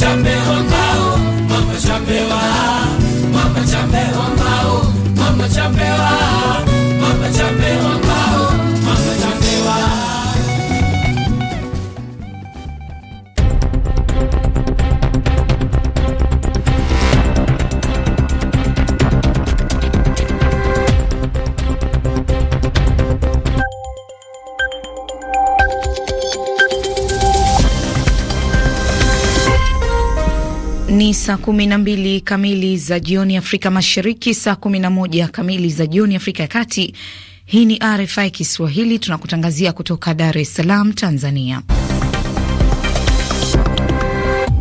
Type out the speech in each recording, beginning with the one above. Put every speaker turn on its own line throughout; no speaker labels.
chapewa mbao mama chapewa mama chapewa mbao
mama chapewa
saa kumi na mbili kamili za jioni Afrika Mashariki, saa kumi na moja kamili za jioni Afrika ya Kati. Hii ni RFI Kiswahili, tunakutangazia kutoka Dar es Salaam, Tanzania.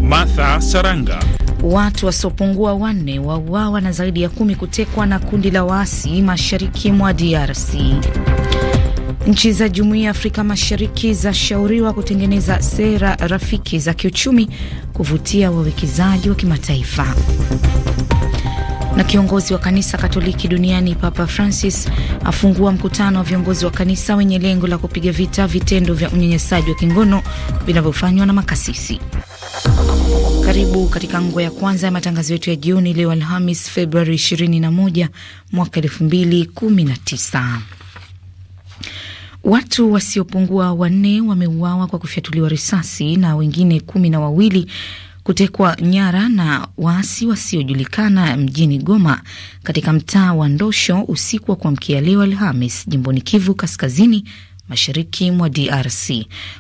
Martha Saranga.
Watu wasiopungua wanne wauawa na zaidi ya kumi kutekwa na kundi la waasi mashariki mwa DRC. Nchi za Jumuiya ya Afrika Mashariki zashauriwa kutengeneza sera rafiki za kiuchumi kuvutia wawekezaji wa kimataifa. Na kiongozi wa kanisa Katoliki duniani Papa Francis afungua mkutano wa viongozi wa kanisa wenye lengo la kupiga vita vitendo vya unyanyasaji wa kingono vinavyofanywa na makasisi. Karibu katika ngo ya kwanza ya matangazo yetu ya jioni leo Alhamis, Februari 21 mwaka 2019. Watu wasiopungua wanne wameuawa kwa kufyatuliwa risasi na wengine kumi na wawili kutekwa nyara na waasi wasiojulikana mjini Goma katika mtaa wa Ndosho usiku wa kuamkia leo Alhamis, jimboni Kivu Kaskazini, mashariki mwa DRC.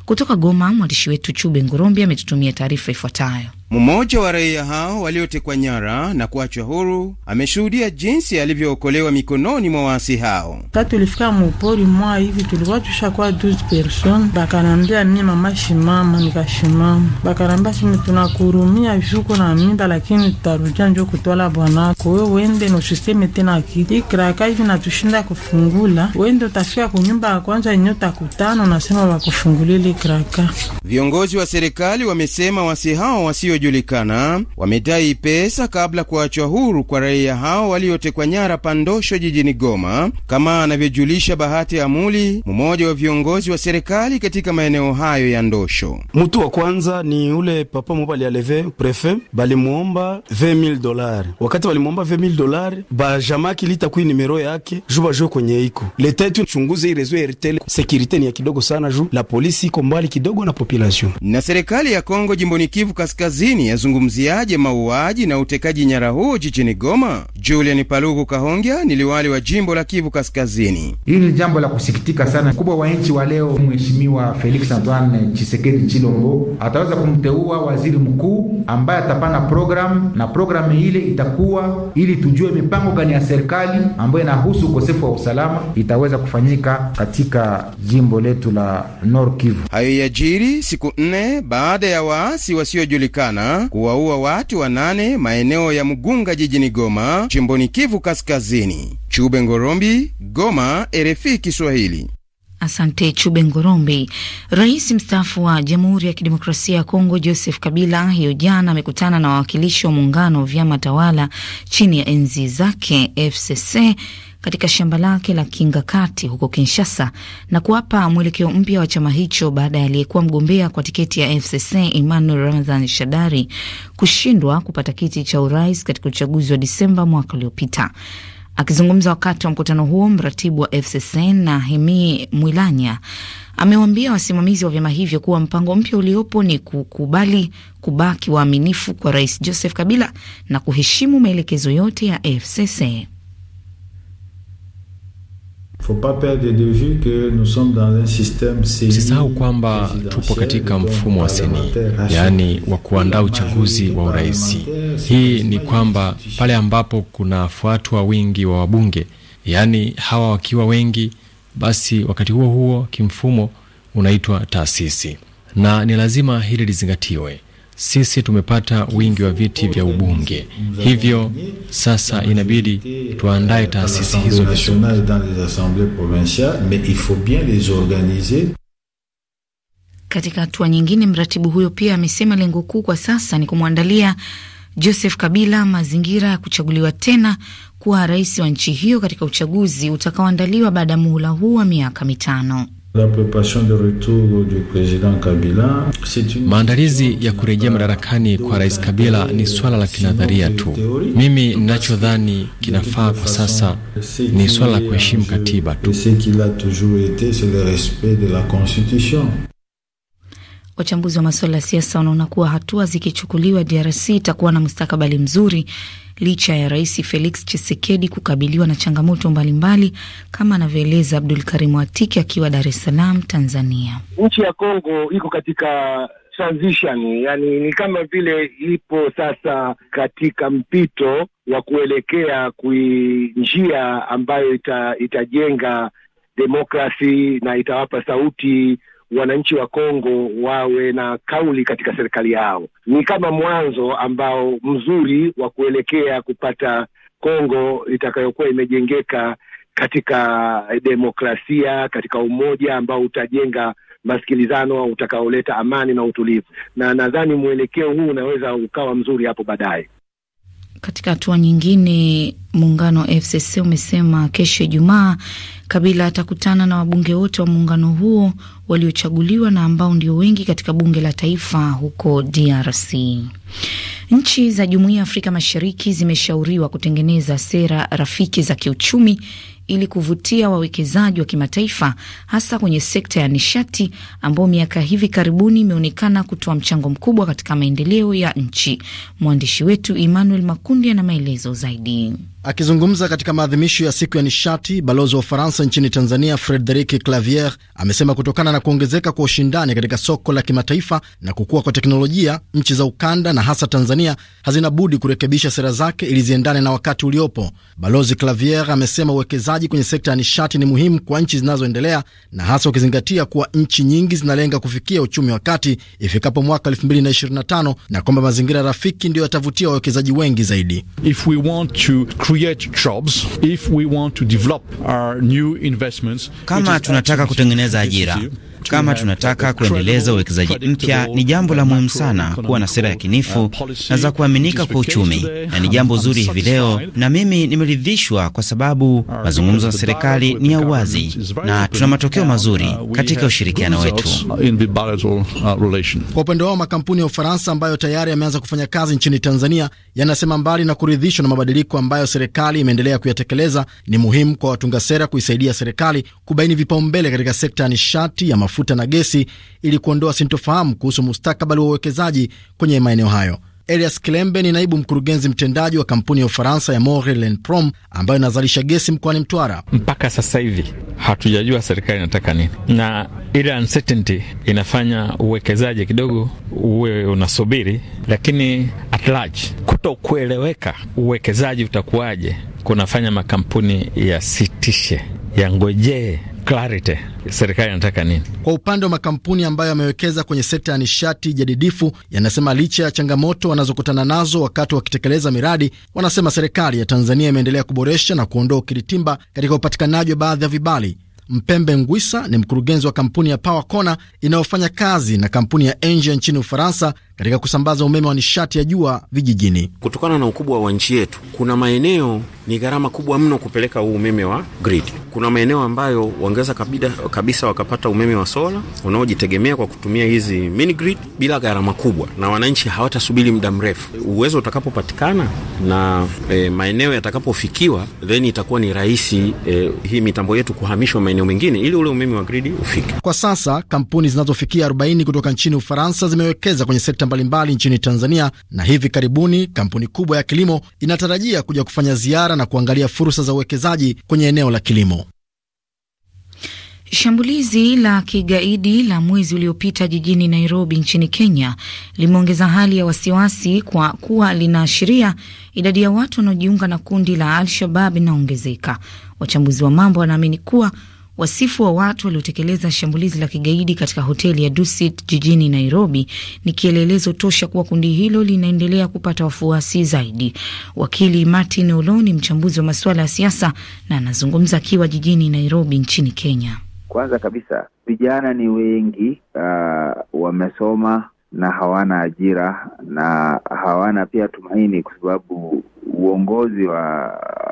Kutoka Goma, mwandishi wetu Chube Ngorombi ametutumia taarifa ifuatayo.
Mmoja wa raia hao waliotekwa nyara na kuachwa huru ameshuhudia jinsi alivyookolewa mikononi mwa waasi hao. Sa tulifika mupori mwa hivi, tulikuwa tushakuwa 12 person, bakanambia mimi mama shimama, nikashimama. Bakanaambia simi tunakurumia juko na mimba, lakini tutarudia njo kutwala bwanako, we wende nosisteme tena kiti ikraka hivi natushinda kufungula, wende utafika kunyumba ya kwanza yenye utakutana, unasema wakufungulile ikraka. Viongozi wa serikali wamesema wasi hao wasio wasiojulikana wamedai pesa kabla kuachwa huru kwa raia hao waliotekwa nyara Pandosho jijini Goma, kama anavyojulisha Bahati Amuli, mmoja wa viongozi wa serikali katika maeneo hayo ya Ndosho.
Mtu wa kwanza ni ule papa mo balialeve prefe balimwomba 20000 dolari. Wakati balimwomba 20000 dolari, bajamaki litakui nimero yake ju bajue kwenye iko letetu chunguze irezo eritele Sekirite ni ya kidogo
sana ju la polisi iko mbali kidogo na population na serikali ya Kongo jimboni Kivu Kaskazini Kaskazini yazungumziaje mauaji na utekaji nyara huo jijini Goma? Julian Paluku Kahongya ni liwali wa jimbo la Kivu Kaskazini. Hili ni jambo la kusikitika sana. Mkubwa wa nchi wa leo Mheshimiwa Felix Antoine chisekedi Chilombo ataweza kumteua waziri mkuu ambaye atapana programu, na programu ile itakuwa ili tujue mipango gani ya serikali ambayo inahusu ukosefu wa usalama itaweza kufanyika katika jimbo letu la Nord Kivu. Hayo yajiri siku nne baada ya waasi wasiojulikana jana kuwaua watu wanane maeneo ya mgunga jijini Goma, jimboni Kivu Kaskazini. Chube Ngorombi, Goma, RFI Kiswahili.
Asante Chube Ngorombe. Rais mstaafu wa Jamhuri ya Kidemokrasia ya Kongo Joseph Kabila hiyo jana amekutana na wawakilishi wa muungano wa vyama tawala chini ya enzi zake FCC katika shamba lake la Kati huko Kinshasa na kuwapa mwelekeo mpya wa chama hicho baada ya aliyekuwa mgombea kwa tiketi ya FCC Emmanuel Ramazani Shadari kushindwa kupata kiti cha urais katika uchaguzi wa Disemba mwaka uliopita. Akizungumza wakati wa mkutano huo, mratibu wa FCC Hemi Mwilanya amewaambia wasimamizi wa vyama hivyo kuwa mpango mpya uliopo ni kukubali kubaki waaminifu kwa Rais Joseph Kabila na kuheshimu maelekezo yote ya FCC.
Msisahau kwamba tupo katika mfumo wa seni, yaani wa kuandaa uchaguzi wa urais. Hii ni kwamba pale ambapo kunafuatwa wingi wa wabunge, yaani hawa wakiwa wengi, basi wakati huo huo kimfumo unaitwa taasisi, na ni lazima hili lizingatiwe sisi tumepata wingi wa viti vya ubunge, hivyo sasa inabidi tuandae taasisi hizo vizuri.
Katika hatua nyingine, mratibu huyo pia amesema lengo kuu kwa sasa ni kumwandalia Joseph Kabila mazingira ya kuchaguliwa tena kuwa rais wa nchi hiyo katika uchaguzi utakaoandaliwa baada ya muhula huu wa miaka mitano.
Maandalizi ya kurejea madarakani kwa rais Kabila ni swala la kinadharia tu. Mimi ninachodhani kinafaa kwa sasa ni swala la kuheshimu katiba tu.
Wachambuzi wa masuala ya siasa wanaona kuwa hatua zikichukuliwa, DRC itakuwa na mustakabali mzuri licha ya Rais Felix chisekedi kukabiliwa na changamoto mbalimbali mbali, kama anavyoeleza Abdul Karimu Atiki akiwa Dar es Salaam, Tanzania.
Nchi ya Kongo iko katika transition, yani ni kama vile ipo sasa katika mpito wa kuelekea kui njia ambayo ita, itajenga demokrasi na itawapa sauti wananchi wa Kongo wawe na kauli katika serikali yao. Ni kama mwanzo ambao mzuri wa kuelekea kupata Kongo itakayokuwa imejengeka katika demokrasia, katika umoja ambao utajenga masikilizano utakaoleta amani na utulivu, na nadhani mwelekeo huu unaweza ukawa mzuri hapo baadaye.
Katika hatua nyingine, muungano wa FCC umesema kesho Ijumaa Kabila atakutana na wabunge wote wa muungano huo waliochaguliwa na ambao ndio wengi katika bunge la taifa huko DRC. Nchi za Jumuiya ya Afrika Mashariki zimeshauriwa kutengeneza sera rafiki za kiuchumi ili kuvutia wawekezaji wa kimataifa hasa kwenye sekta ya nishati ambayo miaka hivi karibuni imeonekana kutoa mchango mkubwa katika maendeleo ya nchi. Mwandishi wetu Emmanuel Makundi ana maelezo zaidi.
Akizungumza katika maadhimisho ya siku ya nishati, balozi wa Ufaransa nchini Tanzania Frederic Clavier amesema kutokana na kuongezeka kwa ushindani katika soko la kimataifa na kukua kwa teknolojia, nchi za ukanda na hasa Tanzania hazina budi kurekebisha sera zake ili ziendane na wakati uliopo. Balozi Clavier amesema uwekezaji kwenye sekta ya nishati ni muhimu kwa nchi zinazoendelea na hasa ukizingatia kuwa nchi nyingi zinalenga kufikia uchumi wa kati ifikapo mwaka 2025 na kwamba mazingira rafiki ndiyo yatavutia wawekezaji wengi zaidi If we want to create jobs if we want to develop our new investments. Kama tunataka kutengeneza ajira
kama tunataka kuendeleza uwekezaji mpya, ni jambo la muhimu sana kuwa na sera ya kinifu uh, na za kuaminika kwa uchumi, na ni jambo zuri hivi leo, na mimi nimeridhishwa kwa
sababu mazungumzo na serikali ni ya uwazi
na tuna matokeo uh, mazuri katika
ushirikiano wetu.
Uh,
kwa upande wao, makampuni ya Ufaransa ambayo tayari yameanza kufanya kazi nchini Tanzania yanasema mbali na kuridhishwa na mabadiliko ambayo serikali imeendelea kuyatekeleza, ni muhimu kwa watunga sera kuisaidia serikali kubaini vipaumbele katika sekta ya nishati ya mafuta mafuta na gesi ili kuondoa sintofahamu kuhusu mustakabali wa uwekezaji kwenye maeneo hayo. Elias Kilembe ni naibu mkurugenzi mtendaji wa kampuni ya Ufaransa ya Maurel Prom ambayo inazalisha gesi mkoani Mtwara. Mpaka
sasa hivi hatujajua serikali inataka nini, na ile uncertainty inafanya uwekezaji kidogo uwe unasubiri, lakini at large, kueleweka uwekezaji utakuwaje kunafanya makampuni yasitishe, yangojee clarity, serikali inataka nini.
Kwa upande wa makampuni ambayo yamewekeza kwenye sekta ya nishati jadidifu, yanasema licha ya changamoto wanazokutana nazo wakati wakitekeleza miradi, wanasema serikali ya Tanzania imeendelea kuboresha na kuondoa ukiritimba katika upatikanaji wa baadhi ya vibali. Mpembe Ngwisa ni mkurugenzi wa kampuni ya Power Corner inayofanya kazi na kampuni ya Engie nchini Ufaransa katika kusambaza umeme wa nishati ya jua vijijini.
Kutokana na ukubwa wa nchi yetu, kuna maeneo ni gharama kubwa mno kupeleka huu umeme wa grid. Kuna maeneo ambayo wangeweza kabisa wakapata umeme wa sola unaojitegemea kwa kutumia hizi mini grid bila gharama kubwa, na wananchi hawatasubiri muda mrefu. Uwezo utakapopatikana na e, maeneo yatakapofikiwa, then itakuwa ni rahisi e, hii mitambo yetu kuhamishwa maeneo mengine ili ule umeme wa grid ufike.
Kwa sasa kampuni zinazofikia 40 kutoka nchini Ufaransa zimewekeza kwenye sekta sekta mbalimbali nchini Tanzania, na hivi karibuni kampuni kubwa ya kilimo inatarajia kuja kufanya ziara na kuangalia fursa za uwekezaji kwenye eneo la kilimo.
Shambulizi la kigaidi la mwezi uliopita jijini Nairobi nchini Kenya limeongeza hali ya wasiwasi kwa kuwa linaashiria idadi ya watu wanaojiunga na kundi la Al-Shabab inaongezeka. Wachambuzi wa mambo wanaamini kuwa Wasifu wa watu waliotekeleza shambulizi la kigaidi katika hoteli ya Dusit jijini Nairobi ni kielelezo tosha kuwa kundi hilo linaendelea kupata wafuasi zaidi. Wakili Martin Olo ni mchambuzi wa masuala ya siasa na anazungumza akiwa jijini Nairobi nchini Kenya.
Kwanza kabisa vijana ni wengi, uh, wamesoma na hawana ajira na hawana pia tumaini, kwa sababu uongozi wa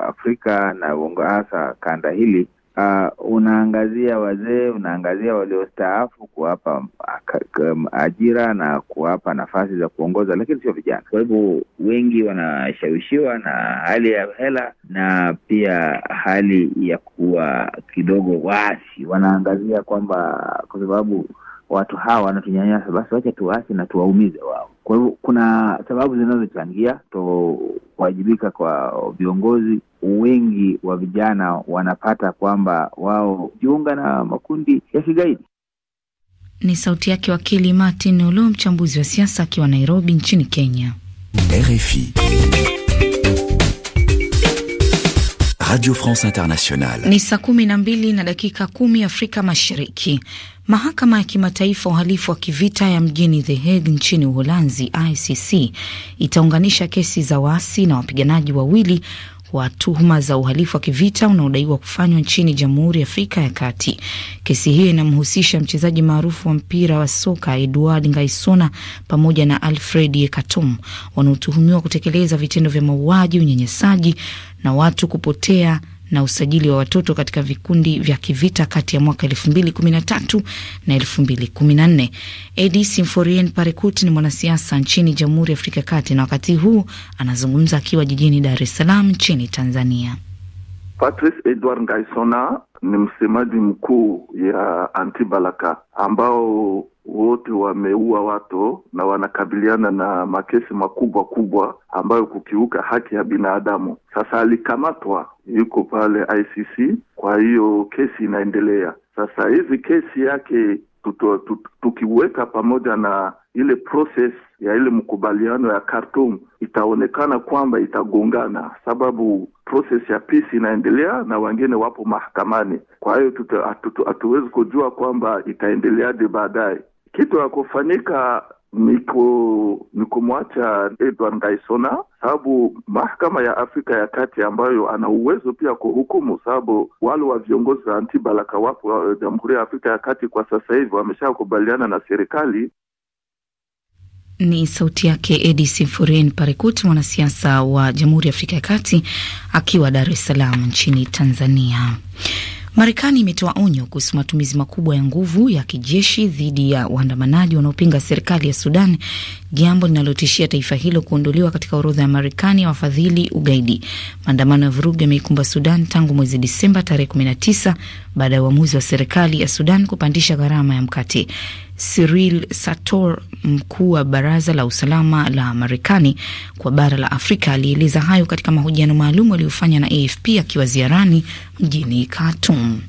Afrika na uongo hasa kanda hili uh, unaangazia wazee, unaangazia waliostaafu, kuwapa um, ajira na kuwapa nafasi za kuongoza, lakini sio vijana. Kwa hivyo wengi wanashawishiwa na
hali ya hela
na pia hali ya kuwa kidogo waasi. Wanaangazia kwamba kwa sababu watu hawa wanatunyanyasa, basi wacha tuwasi na tuwaumize wao. Kwa hivyo kuna sababu zinazochangia tuwajibika kwa viongozi wengi wa vijana wanapata kwamba wao jiunga na makundi ya kigaidi.
Ni sauti yake wakili Martin Olo, mchambuzi wa siasa akiwa Nairobi nchini Kenya.
RFI Radio France Internationale. Ni
saa kumi na mbili na dakika kumi Afrika Mashariki. Mahakama ya Kimataifa Uhalifu wa Kivita ya mjini The Hague nchini Uholanzi, ICC, itaunganisha kesi za waasi na wapiganaji wawili wa tuhuma za uhalifu wa kivita unaodaiwa kufanywa nchini Jamhuri ya Afrika ya Kati. Kesi hiyo inamhusisha mchezaji maarufu wa mpira wa soka Edward Ngaisona pamoja na Alfred Yekatom wanaotuhumiwa kutekeleza vitendo vya mauaji, unyanyasaji na watu kupotea na usajili wa watoto katika vikundi vya kivita kati ya mwaka 2013 na 2014. Edi Simforien Parekut ni mwanasiasa nchini Jamhuri ya Afrika Kati na wakati huu anazungumza akiwa jijini Dar es Salaam nchini Tanzania.
Patrice Edward Ngaisona ni msemaji mkuu ya Antibalaka ambao wote wameua watu na wanakabiliana na makesi makubwa kubwa ambayo kukiuka haki ya binadamu. Sasa alikamatwa, yuko pale ICC, kwa hiyo kesi inaendelea. Sasa hizi kesi yake tuto, tuto, tukiweka pamoja na ile process ya ile mkubaliano ya Khartoum itaonekana kwamba itagongana, sababu process ya peace inaendelea na wengine wapo mahakamani. Kwa hiyo hatuwezi kujua kwamba itaendeleaje baadaye kitu ya kufanyika ni kumwacha Edward Ngaisona, sababu mahakama ya Afrika ya Kati ambayo ana uwezo pia kuhukumu, sababu wale wa viongozi wa antibalaka wapo Jamhuri ya Afrika ya Kati kwa sasa hivi wameshakubaliana na serikali.
Ni sauti yake Edi Simforin Parekut, mwanasiasa wa Jamhuri ya Afrika ya Kati akiwa Dar es Salaam nchini Tanzania. Marekani imetoa onyo kuhusu matumizi makubwa ya nguvu ya kijeshi dhidi ya waandamanaji wanaopinga serikali ya Sudan jambo linalotishia taifa hilo kuondoliwa katika orodha ya Marekani ya wafadhili ugaidi. Maandamano ya vurugu yameikumba Sudan tangu mwezi Disemba tarehe 19 baada ya uamuzi wa serikali ya Sudan kupandisha gharama ya mkate. Cyril Sator, mkuu wa baraza la usalama la Marekani kwa bara la Afrika, alieleza hayo katika mahojiano maalum aliyofanya na AFP akiwa ziarani mjini Khartoum.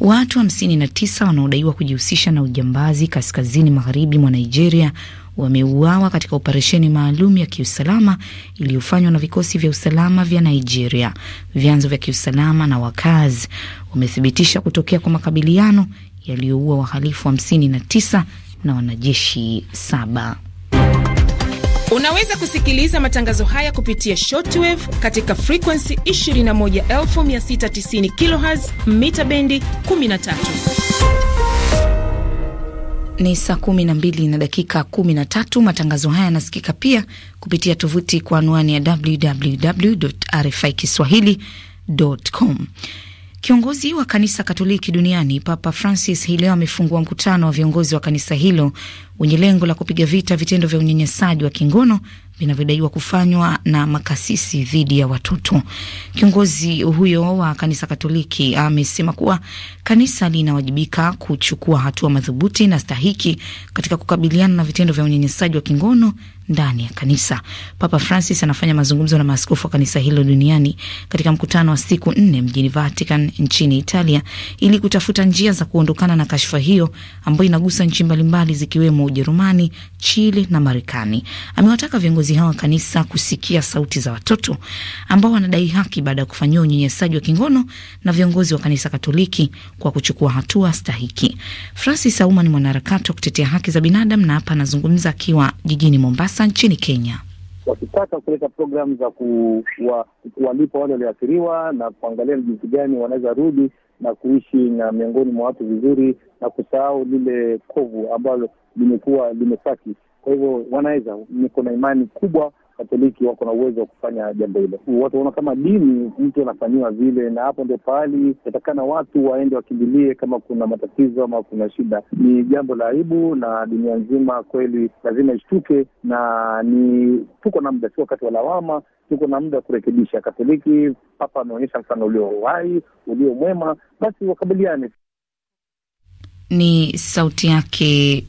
Watu 59 wanaodaiwa kujihusisha na ujambazi kaskazini magharibi mwa Nigeria wameuawa katika operesheni maalum ya kiusalama iliyofanywa na vikosi vya usalama vya Nigeria. Vyanzo vya kiusalama na wakazi wamethibitisha kutokea kwa makabiliano yaliyoua wahalifu hamsini na tisa na wanajeshi saba.
Unaweza kusikiliza matangazo haya kupitia shortwave katika frekuensi 21690 kHz mita bendi 13
ni saa kumi na mbili na dakika kumi na tatu. Matangazo haya yanasikika pia kupitia tovuti kwa anwani ya www RFI kiswahilicom. Kiongozi wa kanisa Katoliki duniani Papa Francis hii leo amefungua mkutano wa viongozi wa kanisa hilo wenye lengo la kupiga vita vitendo vya unyanyasaji wa kingono vinavyodaiwa kufanywa na makasisi dhidi ya watoto. Kiongozi huyo wa kanisa Katoliki amesema kuwa kanisa linawajibika kuchukua hatua madhubuti na stahiki katika kukabiliana na vitendo vya unyanyasaji wa kingono ndani ya kanisa. Papa Francis anafanya mazungumzo na maaskofu wa kanisa hilo duniani katika mkutano wa siku nne mjini Vatican nchini Italia ili kutafuta njia za kuondokana na kashfa hiyo ambayo inagusa nchi mbalimbali zikiwemo Ujerumani, Chile na Marekani. Amewataka viongozi hawa kanisa kusikia sauti za watoto ambao wanadai haki baada ya kufanyiwa unyenyesaji wa kingono na viongozi wa kanisa Katoliki kwa kuchukua hatua stahiki. Francis Auma ni mwanaharakati wa kutetea haki za binadamu na hapa anazungumza akiwa jijini Mombasa hasa nchini Kenya
wakitaka kuleta programu za kuwalipa wale walioathiriwa na kuangalia jinsi gani wanaweza rudi na kuishi na miongoni mwa watu vizuri na kusahau lile kovu ambalo limekuwa limesaki. Kwa hivyo wanaweza, niko na imani kubwa Katoliki wako na uwezo wa kufanya jambo hilo. Watu waona kama dini mtu anafanyiwa vile, na hapo ndio pahali yatakana watu waende wakimbilie, kama kuna matatizo ama kuna shida. Ni jambo la aibu, na dunia nzima kweli lazima ishtuke, na ni tuko na muda, si wakati wa lawama, tuko na muda wa kurekebisha. Katoliki, Papa ameonyesha mfano ulio wai ulio mwema, basi wakabiliane.
Ni sauti yake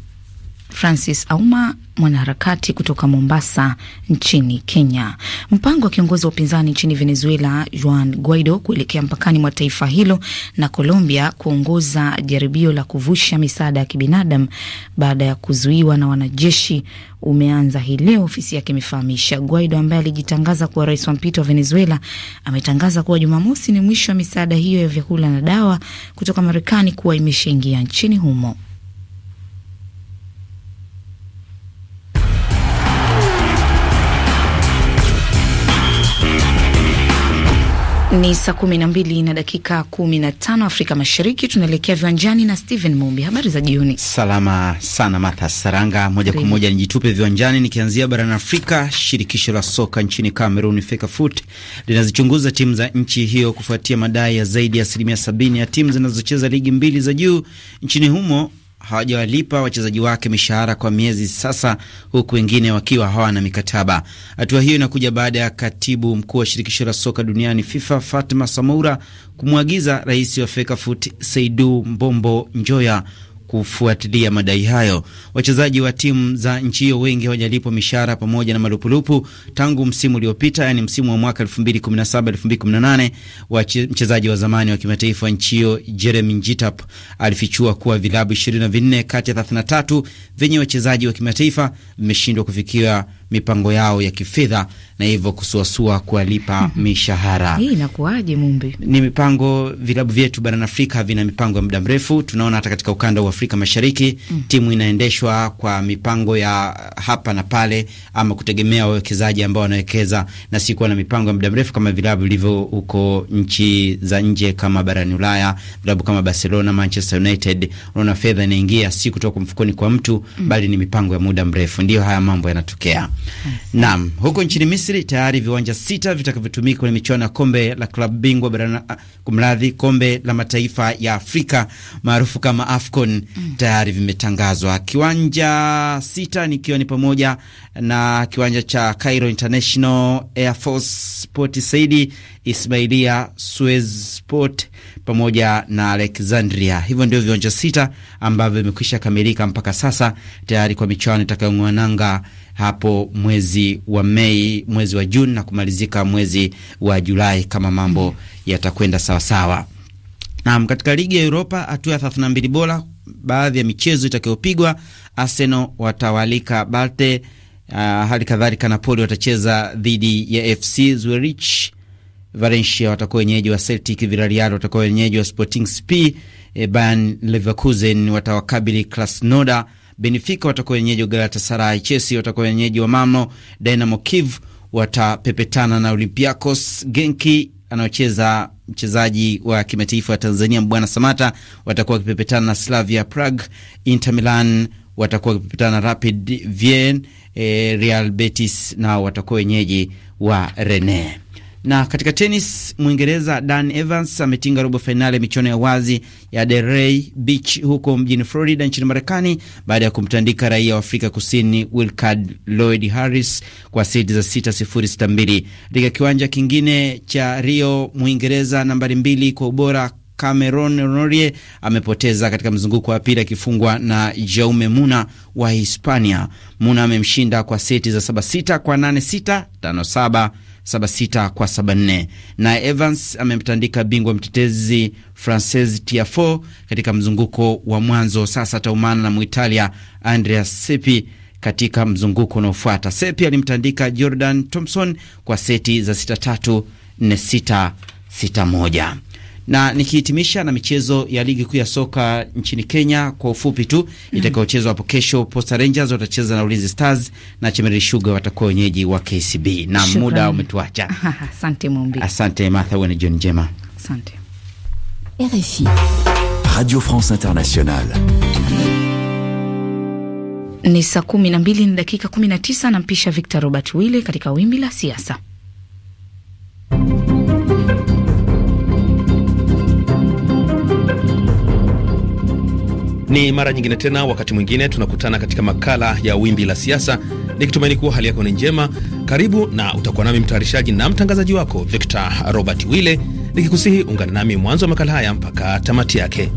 Francis Auma, mwanaharakati kutoka Mombasa nchini Kenya. Mpango wa kiongozi wa upinzani nchini Venezuela Juan Guaido kuelekea mpakani mwa taifa hilo na Colombia kuongoza jaribio la kuvusha misaada ya kibinadamu baada ya kuzuiwa na wanajeshi umeanza hii leo, ofisi yake imefahamisha. Guaido ambaye alijitangaza kuwa rais wa mpito wa Venezuela ametangaza kuwa Jumamosi ni mwisho wa misaada hiyo ya vyakula na dawa kutoka Marekani kuwa imeshaingia nchini humo. Ni saa kumi na mbili na dakika kumi na tano Afrika Mashariki. Tunaelekea viwanjani na Steven Mumbi. Habari za jioni.
Salama sana Martha Saranga, moja kwa moja nijitupe viwanjani, nikianzia barani Afrika. Shirikisho la soka nchini Cameroon, Fecafoot, linazichunguza timu za nchi hiyo kufuatia madai ya zaidi ya asilimia sabini ya timu zinazocheza ligi mbili za juu nchini humo hawajawalipa wachezaji wake mishahara kwa miezi sasa, huku wengine wakiwa hawana mikataba. Hatua hiyo inakuja baada ya katibu mkuu wa shirikisho la soka duniani FIFA Fatma Samoura kumwagiza rais wa Fekafoot seidu Mbombo Njoya kufuatilia madai hayo. Wachezaji wa timu za nchi hiyo wengi hawajalipwa mishahara pamoja na marupurupu tangu msimu uliopita, yani msimu wa mwaka 2017 2018. Wa mchezaji wa zamani wa kimataifa nchi hiyo Jeremy Njitap alifichua kuwa vilabu 24 kati ya 33 vyenye wachezaji wa kimataifa vimeshindwa kufikia mipango yao ya kifedha na hivyo kusuasua kuwalipa mishahara. Hii
inakuaje Mumbi?
Ni mipango vilabu vyetu barani Afrika vina mipango ya muda mrefu. Tunaona hata katika ukanda wa Afrika Mashariki mm, timu inaendeshwa kwa mipango ya hapa na pale, ama kutegemea wawekezaji ambao wanawekeza na si kuwa na mipango ya muda mrefu kama vilabu vilivyo huko nchi za nje kama barani Ulaya, vilabu kama Barcelona, Manchester United. Unaona fedha inaingia si kutoka mfukoni kwa mtu mm, bali ni mipango ya muda mrefu, ndiyo haya mambo yanatokea. Naam, huko nchini Misri tayari viwanja sita vitakavyotumika kwenye michuano ya kombe la klabu bingwa barani, ah, kumradhi, kombe la mataifa ya Afrika maarufu kama AFCON mm, tayari vimetangazwa. Kiwanja sita nikiwa ni pamoja na kiwanja cha Cairo International, Air Force Port Said, Ismailia, Suez Port pamoja na Alexandria. Hivyo ndio viwanja sita ambavyo vimekwisha kamilika mpaka sasa tayari kwa michuano nanga hapo mwezi wa Mei, mwezi wa Juni na kumalizika mwezi wa Julai kama mambo mm-hmm. yatakwenda sawasawa. Naam, katika ligi ya Europa hatua ya 32 bora, baadhi ya michezo itakayopigwa, Arsenal watawalika Balte. Uh, hali kadhalika Napoli watacheza dhidi ya FC Zurich. Valencia watakuwa wenyeji wa Celtic, Villarreal watakuwa wenyeji wa Sporting SP. E, eh, Bayern Leverkusen watawakabili Krasnodar Benfica watakuwa wenyeji wa Galatasaray, Chelsea watakuwa wenyeji wa Malmo, Dynamo Kiev watapepetana na Olympiacos, Genki anaocheza mchezaji wa kimataifa wa Tanzania Mbwana Samata watakuwa wakipepetana na Slavia Prague, Inter Milan watakuwa wakipepetana na Rapid Vien, e, eh, Real Betis nao watakuwa wenyeji wa Rennes. Na katika tenis, Mwingereza Dan Evans ametinga robo fainali ya michuano ya wazi ya Delray Beach huko mjini Florida nchini Marekani baada ya kumtandika raia wa Afrika Kusini Wilcard Lloyd Harris kwa seti za 6-0, 6-2. Katika kiwanja kingine cha Rio, Mwingereza nambari mbili kwa ubora Cameron Norrie amepoteza katika mzunguko wa pili akifungwa na Jaume Muna wa Hispania. Muna amemshinda kwa seti za 76 kwa 8-6, 5 kwa 74 4 Naye Evans amemtandika bingwa mtetezi Frances Tiafo katika mzunguko wa mwanzo. Sasa ataumana na Muitalia Andrea Sepi katika mzunguko unaofuata. Sepi alimtandika Jordan Thompson kwa seti za 6-3, 4 na nikihitimisha na michezo ya ligi kuu ya soka nchini Kenya kwa ufupi tu, itakayochezwa hapo kesho, Posta Rangers watacheza na Ulinzi Stars na Chemelil Sugar watakuwa wenyeji wa KCB. Na Shukran. muda umetuacha.
Asante Mumbi.
Asante Martha, uwe na jioni njema.
Asante. RFI.
Radio France Internationale.
Ni saa kumi na mbili na dakika kumi na tisa. Nampisha Victor Robert Wille katika wimbi la siasa.
Ni mara nyingine tena, wakati mwingine tunakutana katika makala ya Wimbi la Siasa, nikitumaini kuwa hali yako ni njema. Karibu na utakuwa nami mtayarishaji na mtangazaji wako Victor Robert Wille, nikikusihi ungana nami mwanzo wa makala haya mpaka tamati yake.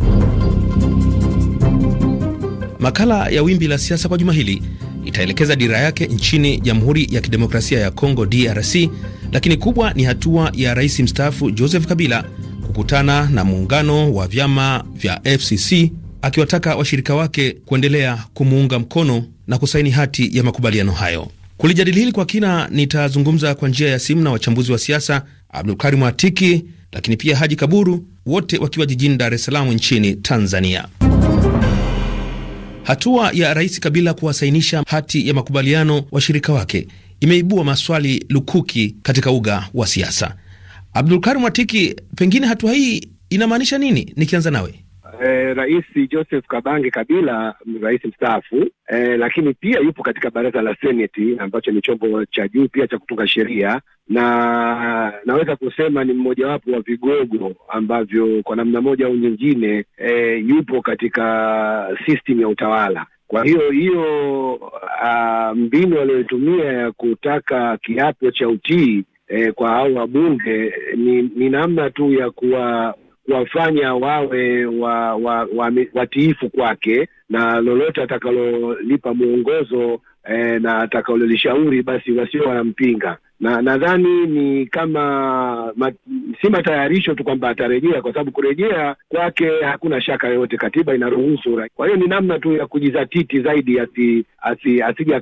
Makala ya Wimbi la Siasa kwa juma hili itaelekeza dira yake nchini Jamhuri ya Kidemokrasia ya Kongo, DRC, lakini kubwa ni hatua ya rais mstaafu Joseph Kabila kukutana na muungano wa vyama vya FCC akiwataka washirika wake kuendelea kumuunga mkono na kusaini hati ya makubaliano hayo. Kulijadili hili kwa kina, nitazungumza kwa njia ya simu na wachambuzi wa siasa Abdulkarim Atiki, lakini pia Haji Kaburu, wote wakiwa jijini Dar es Salaam nchini Tanzania. Hatua ya Rais Kabila kuwasainisha hati ya makubaliano washirika wake imeibua maswali lukuki katika uga wa siasa. Abdulkarim Atiki, pengine hatua hii inamaanisha nini? Nikianza nawe
eh, Rais Joseph Kabange Kabila, rais mstaafu eh, lakini pia yupo katika baraza la seneti ambacho ni chombo cha juu pia cha kutunga sheria, na naweza kusema ni mmojawapo wa vigogo ambavyo kwa namna moja au nyingine eh, yupo katika system ya utawala. Kwa hiyo hiyo uh, mbinu aliyoitumia ya kutaka kiapo cha utii eh, kwa hao wabunge ni, ni namna tu ya kuwa kuwafanya wawe wa, wa, wa, watiifu kwake na lolote atakalolipa mwongozo eh, na atakalolishauri basi wasio wanampinga na nadhani ni kama ma, si matayarisho tu kwamba atarejea, kwa sababu kurejea kwake hakuna shaka yoyote, katiba inaruhusu. Kwa hiyo ni namna tu ya kujizatiti zaidi, asije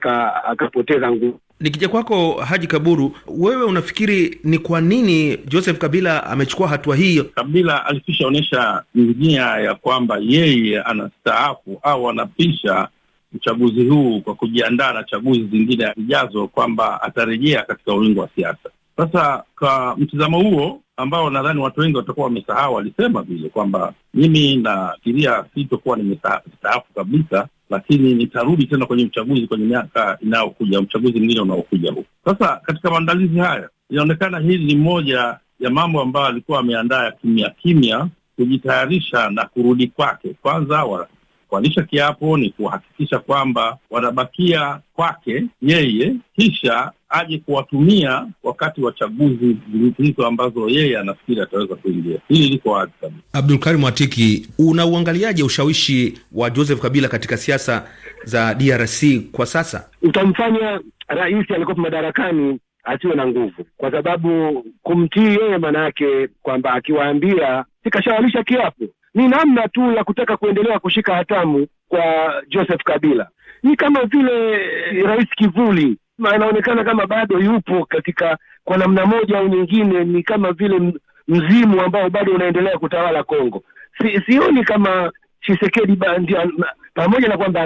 akapoteza nguvu.
Nikija kwako Haji Kaburu, wewe unafikiri ni kwa nini Joseph Kabila amechukua hatua hiyo?
Kabila alikishaonyesha nia ya kwamba yeye anastaafu au anapisha uchaguzi huu kwa kujiandaa na chaguzi zingine zijazo, kwamba atarejea katika ulingo wa siasa. Sasa kwa mtizamo huo ambao nadhani watu wengi watakuwa wamesahau, walisema vile kwamba mimi nafikiria sitokuwa nimestaafu kabisa, lakini nitarudi tena kwenye uchaguzi kwenye miaka inayokuja, uchaguzi mwingine unaokuja huu. Sasa katika maandalizi haya, inaonekana hili ni moja ya mambo ambayo alikuwa ameandaa ya kimya kimya kujitayarisha na kurudi kwake. Kwanza kualisha kiapo ni kuhakikisha kwamba wanabakia kwake yeye, kisha aje kuwatumia wakati wa chaguzi hizo ambazo yeye anafikiri ataweza kuingia.
Hili liko wazi kabisa. Abdulkarim Atiki, unauangaliaje ushawishi wa Joseph Kabila katika siasa za DRC kwa sasa?
Utamfanya rais alikuwa madarakani asiwe na nguvu, kwa sababu kumtii yeye, maana yake kwamba akiwaambia sikashawalisha kiapo ni namna tu ya kutaka kuendelea kushika hatamu kwa Joseph Kabila. Ni kama vile eh, rais kivuli anaonekana kama bado yupo katika, kwa namna moja au nyingine, ni kama vile mzimu ambao bado unaendelea kutawala Kongo. Si, sioni kama chisekedi ndio pamoja na kwamba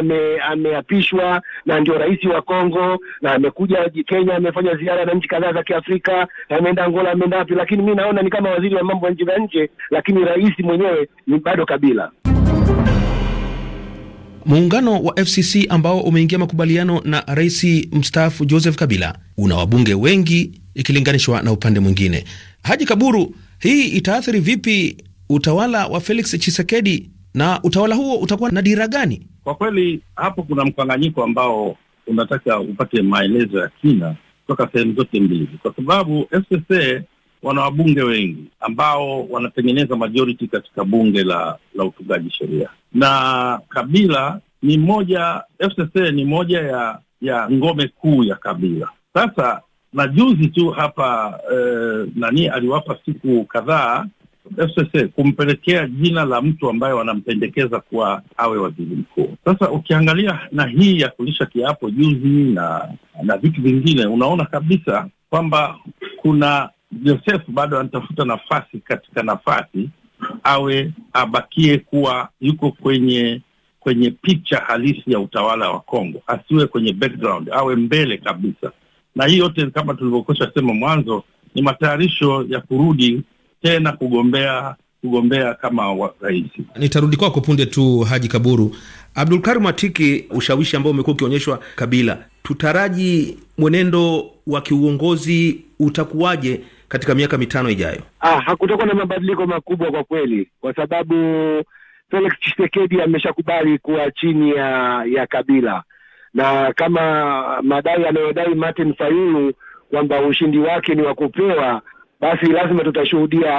ameapishwa na ndio rais wa Kongo na amekuja Kenya, amefanya ziara na nchi kadhaa za Kiafrika, ameenda Angola, ameenda wapi, lakini mi naona ni kama waziri wa mambo ya nchi za nje, lakini rais mwenyewe ni bado Kabila.
Muungano wa FCC ambao umeingia makubaliano na rais mstaafu Joseph Kabila una wabunge wengi ikilinganishwa na upande mwingine. Haji Kaburu, hii itaathiri vipi utawala wa Felix chisekedi na utawala huo utakuwa na dira gani?
Kwa kweli, hapo kuna mkanganyiko ambao unataka upate maelezo ya kina kutoka sehemu zote mbili, kwa sababu FCC wana wabunge wengi ambao wanatengeneza majority katika bunge la la utungaji sheria, na Kabila ni moja, FCC ni moja ya ya ngome kuu ya Kabila. Sasa na juzi tu hapa e, nani aliwapa siku kadhaa FCC kumpelekea jina la mtu ambaye wanampendekeza kuwa awe waziri mkuu. Sasa ukiangalia na hii ya kulisha kiapo juzi na na vitu vingine, unaona kabisa kwamba kuna Joseph bado anatafuta nafasi katika nafasi awe abakie kuwa yuko kwenye kwenye picha halisi ya utawala wa Kongo, asiwe kwenye background, awe mbele kabisa. Na hii yote kama tulivyokosha sema mwanzo, ni matayarisho ya kurudi tena kugombea kugombea kama rais.
Nitarudi kwako punde tu, Haji Kaburu. Abdulkarim Atiki, ushawishi ambao umekuwa ukionyeshwa Kabila, tutaraji mwenendo wa kiuongozi utakuwaje katika miaka mitano ijayo?
Ah, hakutakuwa na mabadiliko makubwa kwa kweli, kwa sababu Felix Tshisekedi ameshakubali kuwa chini ya ya Kabila, na kama madai anayodai Martin Fayulu kwamba ushindi wake ni wa kupewa basi lazima tutashuhudia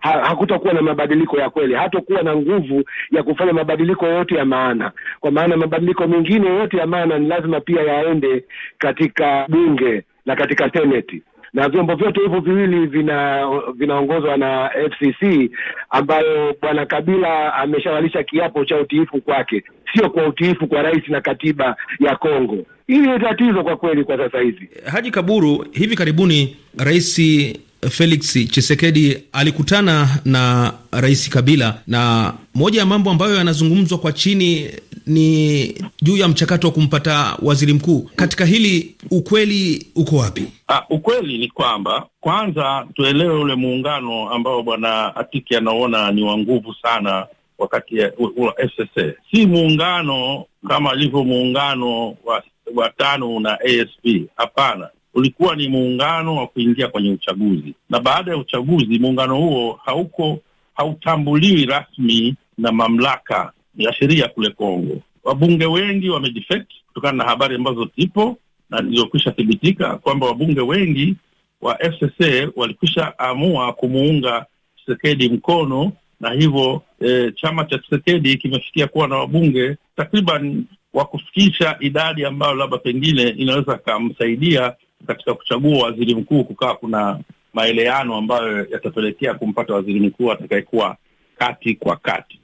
ha, hakutakuwa na mabadiliko ya kweli, hatakuwa na nguvu ya kufanya mabadiliko yote ya maana, kwa maana mabadiliko mengine yote ya maana ni lazima pia yaende katika bunge na katika seneti na vyombo vyote hivyo viwili vina vinaongozwa na FCC ambayo bwana Kabila ameshawalisha kiapo cha utiifu kwake, sio kwa utiifu kwa rais na katiba ya Kongo. Hili ni tatizo kwa kweli kwa sasa hivi. Haji Kaburu,
hivi karibuni rais Felix Chisekedi alikutana na Rais Kabila na moja ya mambo ambayo yanazungumzwa kwa chini ni juu ya mchakato wa kumpata waziri mkuu. Katika hili ukweli uko wapi?
Ah, ukweli ni kwamba kwanza tuelewe ule muungano ambao bwana Atiki anaona ni wa nguvu sana wakati wa FCC si muungano kama alivyo muungano wa watano na ASP. Hapana, ulikuwa ni muungano wa kuingia kwenye uchaguzi, na baada ya uchaguzi muungano huo hauko hautambuliwi rasmi na mamlaka ya sheria kule Kongo. Wabunge wengi wamedefect kutokana na habari ambazo zipo na zilizokwisha thibitika kwamba wabunge wengi wa FCC walikwisha amua kumuunga Chisekedi mkono, na hivyo e, chama cha Chisekedi kimefikia kuwa na wabunge takriban wa kufikisha idadi ambayo labda pengine inaweza kamsaidia katika kuchagua waziri mkuu kukawa kuna maeleano ambayo yatapelekea kumpata waziri mkuu atakayekuwa kati kwa kati.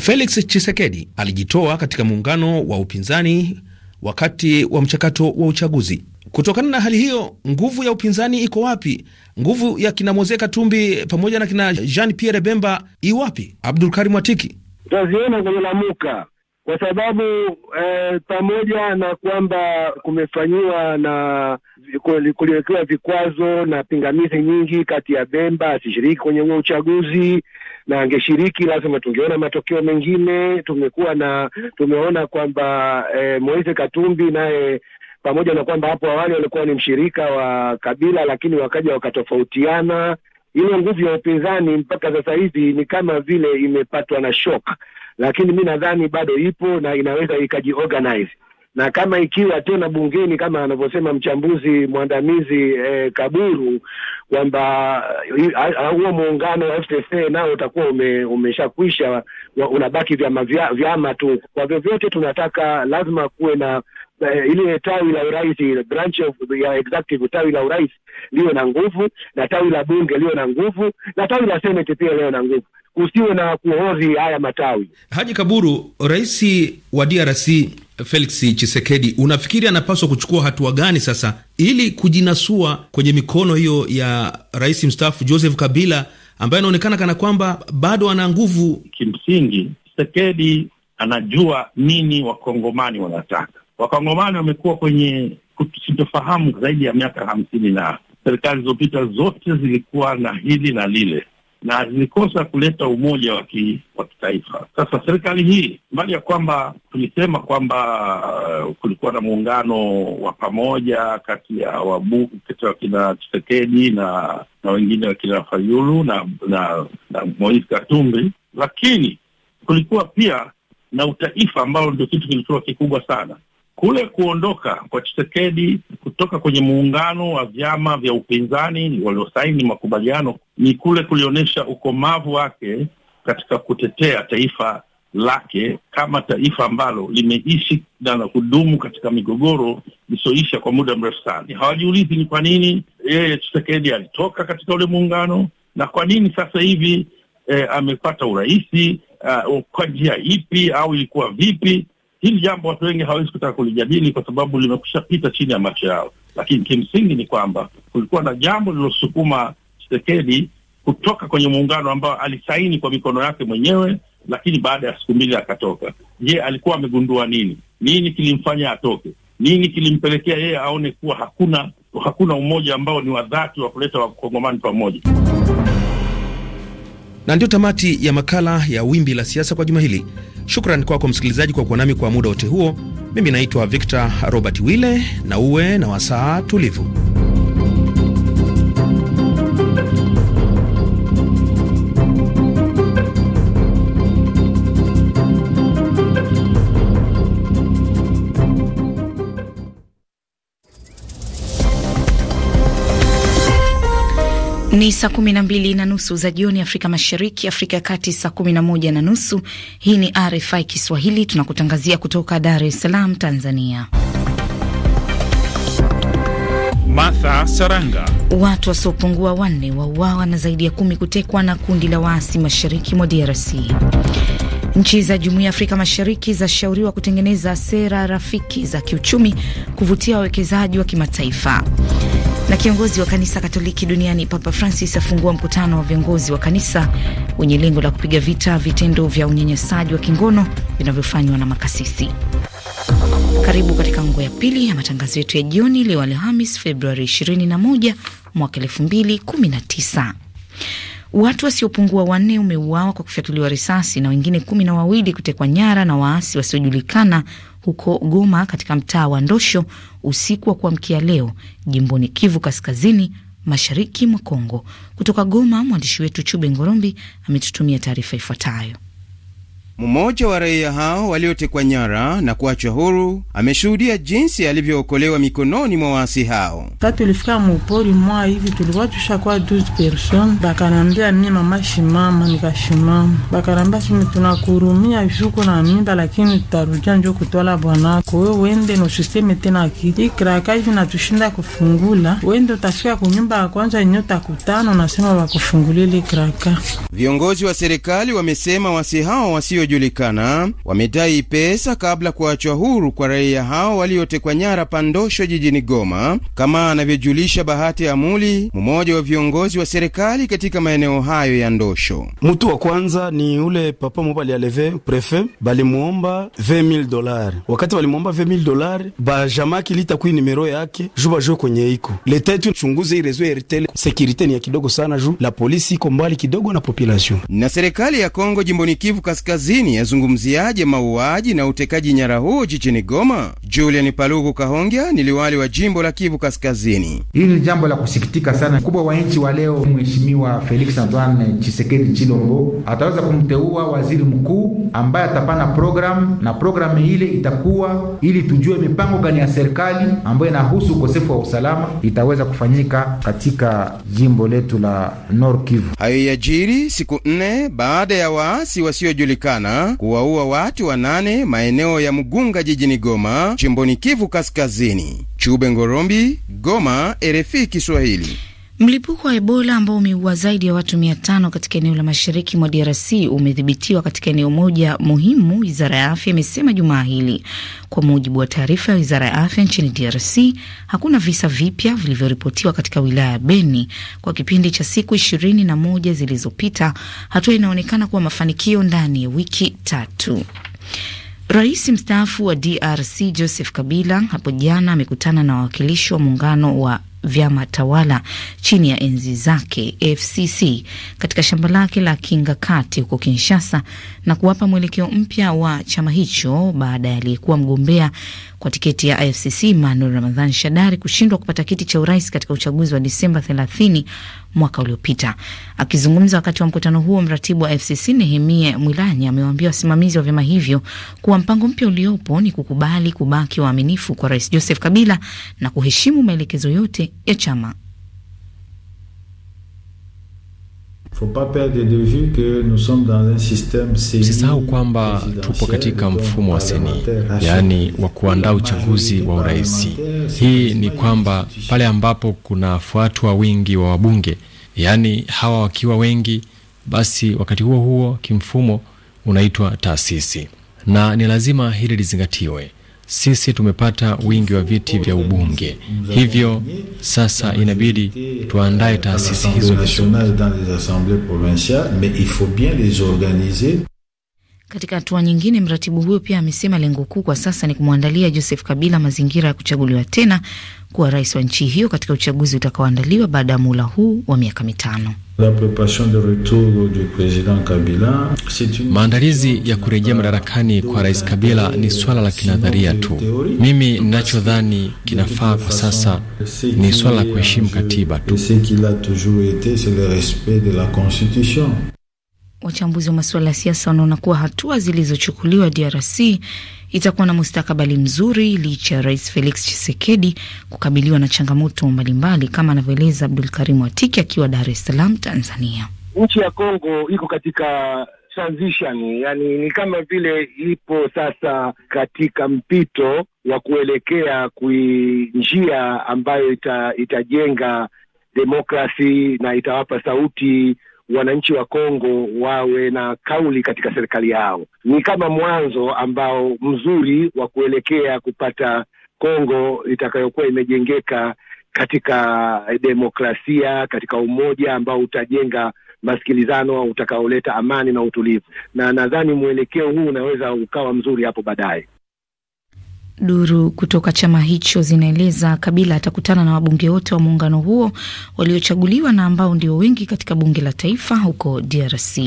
Felix Chisekedi alijitoa katika muungano wa upinzani wakati wa mchakato wa uchaguzi. Kutokana na hali hiyo, nguvu ya upinzani iko wapi? Nguvu ya kina Moze Katumbi pamoja na kina Jean Pierre
Bemba i wapi? Abdul Karim Watiki, utaziona kwenye Lamuka kwa sababu eh, pamoja na kwamba kumefanyiwa na kuliwekewa vikwazo na pingamizi nyingi kati ya Bemba asishiriki kwenye huo uchaguzi, na angeshiriki lazima tungeona matokeo mengine. Tumekuwa na tumeona kwamba eh, Moise Katumbi naye pamoja na kwamba hapo awali walikuwa ni mshirika wa Kabila, lakini wakaja wakatofautiana. Ile nguvu ya upinzani mpaka sasa hivi ni kama vile imepatwa na shock lakini mi nadhani bado ipo na inaweza ikajiorganize na kama ikiwa tena bungeni kama anavyosema mchambuzi mwandamizi eh, Kaburu kwamba eh, ah, huo muungano wa FTC nao utakuwa ume, umeshakwisha, unabaki vyama vyama tu. Kwa vyovyote, tunataka lazima kuwe na eh, ile tawi la urais branch of ya executive, tawi la urais liwe na nguvu na tawi la bunge liwe na nguvu na tawi la senate pia liwe na nguvu kusiwe na kuhozi haya matawi. Haji Kaburu,
rais
wa DRC Felix chisekedi unafikiri anapaswa kuchukua hatua gani sasa ili kujinasua kwenye mikono hiyo ya rais mstaafu Joseph Kabila
ambaye anaonekana kana kwamba bado ana nguvu? Kimsingi chisekedi anajua nini wakongomani wanataka. Wakongomani wamekuwa kwenye kusitofahamu zaidi ya miaka hamsini na serikali zilizopita zote zilikuwa na hili na lile na zilikosa kuleta umoja wa kitaifa. Sasa serikali hii, mbali ya kwamba tulisema kwamba uh, kulikuwa na muungano wa pamoja kati ya wabu kati ya wakina chisekedi na na wengine wakina Fayulu na na, na Moise Katumbi, lakini kulikuwa pia na utaifa ambao ndio kitu kilikuwa kikubwa sana. Kule kuondoka kwa Chisekedi kutoka kwenye muungano wa vyama vya upinzani waliosaini makubaliano ni kule kulionyesha ukomavu wake katika kutetea taifa lake kama taifa ambalo limeishi na kudumu katika migogoro isiyoisha kwa muda mrefu sana. Hawajiulizi ni kwa nini yeye Chisekedi alitoka katika ule muungano na kwa nini sasa hivi eh, amepata urahisi uh, ah, kwa njia ipi au ilikuwa vipi? Hili jambo watu wengi hawawezi kutaka kulijadili kwa sababu limekusha pita chini ya macho yao, lakini kimsingi ni kwamba kulikuwa na jambo lililosukuma Chisekedi kutoka kwenye muungano ambao alisaini kwa mikono yake mwenyewe, lakini baada ya siku mbili akatoka. Je, alikuwa amegundua nini? Nini kilimfanya atoke? Nini kilimpelekea yeye aone kuwa hakuna hakuna umoja ambao ni wa dhati wa kuleta wakongomani pamoja?
Na ndiyo tamati ya makala ya Wimbi la Siasa kwa juma hili. Shukran kwako msikilizaji kwa kuwa nami kwa muda wote huo. Mimi naitwa Victor Robert Wille, na uwe na wasaa tulivu.
Ni saa kumi na mbili na nusu za jioni Afrika Mashariki, Afrika ya Kati saa kumi na moja na nusu. Hii ni RFI Kiswahili, tunakutangazia kutoka Dar es Salaam, Tanzania.
Martha Saranga.
Watu wasiopungua wanne wauawa na zaidi ya kumi kutekwa na kundi la waasi mashariki mwa DRC. Nchi za Jumuiya ya Afrika Mashariki zashauriwa kutengeneza sera rafiki za kiuchumi kuvutia wawekezaji wa kimataifa. Na kiongozi wa kanisa Katoliki duniani Papa Francis afungua mkutano wa viongozi wa kanisa wenye lengo la kupiga vita vitendo vya unyanyasaji wa kingono vinavyofanywa na makasisi. Karibu katika ngo ya pili ya matangazo yetu ya jioni leo Alhamis Februari 21 mwaka 2019. Watu wasiopungua wanne umeuawa kwa kufyatuliwa risasi na wengine kumi na wawili kutekwa nyara na waasi wasiojulikana huko Goma katika mtaa wa Ndosho usiku wa kuamkia leo jimboni Kivu Kaskazini, mashariki mwa Kongo. Kutoka Goma, mwandishi wetu Chube Ngorombi ametutumia taarifa ifuatayo.
Mmoja wa raia hao waliotekwa nyara na kuachwa huru ameshuhudia jinsi alivyookolewa mikononi mwa waasi hao. Ka tulifika mupori mwa hivi tulikuwa tushakuwa 12 person, bakanambia mimi mama shimama, nikashimama. Bakanambia kimi tunakurumia juko na mimba, lakini tutarudia njo kutwala bwanako we wende no sisteme tena kiti kraka hivi natushinda kufungula, wende utafika kunyumba ya kwanza yenye utakutana unasema wakufungulile kraka. Viongozi wa serikali wamesema wasi hao wasio isiyojulikana wamedai pesa kabla kuachwa huru kwa raia hao waliotekwa nyara Pandosho jijini Goma, kama anavyojulisha Bahati Amuli, mmoja wa viongozi wa serikali katika maeneo hayo ya Ndosho.
Mtu wa kwanza ni ule papa mobali aleve prefe, balimwomba 20000 dolari. Wakati balimwomba 20000 dolari, kilita litakui nimero yake juba jo
kwenye iko leta chunguze irezo ya RTL. Sekirite ni ya kidogo sana ju la polisi iko mbali kidogo na population na serikali ya Kongo jimboni Kivu Kaskazini Madini yazungumziaje mauaji na utekaji nyara huo jijini Goma? Julian Paluku Kahongya ni liwali wa jimbo la Kivu Kaskazini. Hili ni jambo la kusikitika sana. Mkubwa wa nchi wa leo Mheshimiwa Felix Antoine chisekedi Chilombo ataweza kumteua waziri mkuu ambaye atapana programu, na programu ile itakuwa ili tujue mipango gani ya serikali ambayo inahusu ukosefu wa usalama itaweza kufanyika katika jimbo letu la Nord Kivu. Hayo yajiri siku nne baada ya waasi wasiojulikana jana kuwaua watu wanane maeneo ya Mugunga jijini Goma, chimboni Kivu Kaskazini. Chube Ngorombi, Goma, RFI Kiswahili.
Mlipuko wa Ebola ambao umeua zaidi ya watu mia tano katika eneo la mashariki mwa DRC umedhibitiwa katika eneo moja muhimu, wizara ya afya imesema jumaa hili. Kwa mujibu wa taarifa ya wizara ya afya nchini DRC, hakuna visa vipya vilivyoripotiwa katika wilaya ya Beni kwa kipindi cha siku ishirini na moja zilizopita, hatua inaonekana kuwa mafanikio ndani ya wiki tatu. Rais mstaafu wa DRC Joseph Kabila hapo jana amekutana na wawakilishi wa muungano wa vyama tawala chini ya enzi zake FCC katika shamba lake la Kinga Kati huko Kinshasa na kuwapa mwelekeo mpya wa chama hicho baada ya aliyekuwa mgombea kwa tiketi ya FCC Manuel Ramadhan Shadari kushindwa kupata kiti cha urais katika uchaguzi wa Disemba 30 mwaka uliopita. Akizungumza wakati wa mkutano huo, mratibu wa FCC Nehemie Mwilanya amewaambia wasimamizi wa vyama hivyo kuwa mpango mpya uliopo ni kukubali kubaki waaminifu kwa Rais Joseph Kabila na kuheshimu maelekezo yote yote ya chama.
Msisahau kwamba tupo katika mfumo wa seni, yaani wa kuandaa uchaguzi wa urais. Hii ni kwamba pale ambapo kunafuatwa wingi wa wabunge, yaani hawa wakiwa wengi, basi wakati huo huo kimfumo unaitwa taasisi, na ni lazima hili lizingatiwe sisi tumepata wingi wa viti vya ubunge, hivyo sasa inabidi tuandae taasisi hizo vizuri.
Katika hatua nyingine, mratibu huyo pia amesema lengo kuu kwa sasa ni kumwandalia Joseph Kabila mazingira ya kuchaguliwa tena kuwa rais wa nchi hiyo katika uchaguzi utakaoandaliwa baada ya muhula huu wa miaka mitano.
Maandalizi ya kurejea madarakani kwa rais Kabila ni swala la kinadharia tu. Mimi ninachodhani kinafaa kwa sasa ni swala la kuheshimu katiba tu
wachambuzi wa masuala ya siasa wanaona kuwa hatua zilizochukuliwa DRC itakuwa na mustakabali mzuri licha ya Rais Felix chisekedi kukabiliwa na changamoto mbalimbali, kama anavyoeleza Abdul Karimu Atiki akiwa Dar es Salaam, Tanzania.
Nchi ya Kongo iko katika transition, yani ni kama vile ipo sasa katika mpito wa kuelekea kui njia ambayo ita, itajenga demokrasi na itawapa sauti wananchi wa Kongo wawe na kauli katika serikali yao. Ni kama mwanzo ambao mzuri wa kuelekea kupata Kongo itakayokuwa imejengeka katika demokrasia, katika umoja ambao utajenga masikilizano utakaoleta amani na utulivu, na nadhani mwelekeo huu unaweza ukawa mzuri hapo baadaye.
Duru kutoka chama hicho zinaeleza Kabila atakutana na wabunge wote wa muungano huo waliochaguliwa na ambao ndio wengi katika bunge la taifa huko DRC.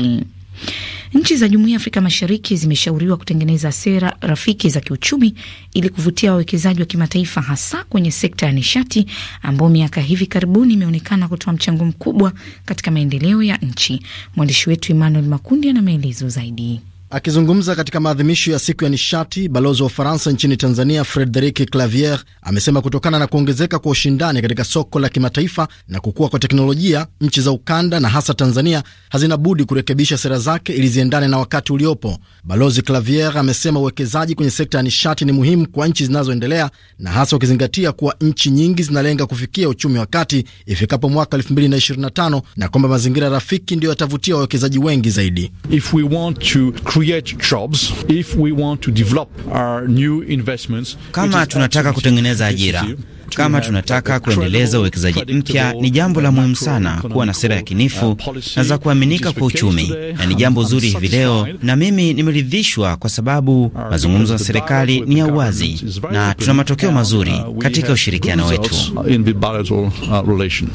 Nchi za Jumuiya ya Afrika Mashariki zimeshauriwa kutengeneza sera rafiki za kiuchumi ili kuvutia wawekezaji wa kimataifa hasa kwenye sekta ya nishati ambayo miaka hivi karibuni imeonekana kutoa mchango mkubwa katika maendeleo ya nchi. Mwandishi wetu Emmanuel Makundi ana maelezo zaidi.
Akizungumza katika maadhimisho ya siku ya nishati, balozi wa Ufaransa nchini Tanzania Frederic Clavier amesema kutokana na kuongezeka kwa ushindani katika soko la kimataifa na kukua kwa teknolojia, nchi za ukanda na hasa Tanzania hazina budi kurekebisha sera zake ili ziendane na wakati uliopo. Balozi Clavier amesema uwekezaji kwenye sekta ya nishati ni muhimu kwa nchi zinazoendelea na hasa ukizingatia kuwa nchi nyingi zinalenga kufikia uchumi wa kati ifikapo mwaka 2025 na kwamba mazingira rafiki ndiyo yatavutia wawekezaji wengi zaidi If we want to create jobs if we want to develop our new investments. Kama tunataka kutengeneza ajira kama tunataka
kuendeleza uwekezaji mpya, ni jambo la muhimu sana kuwa na sera ya kinifu na za kuaminika kwa uchumi, na ni jambo zuri hivi leo, na mimi nimeridhishwa kwa sababu mazungumzo ya serikali ni ya uwazi na tuna matokeo mazuri katika ushirikiano wetu.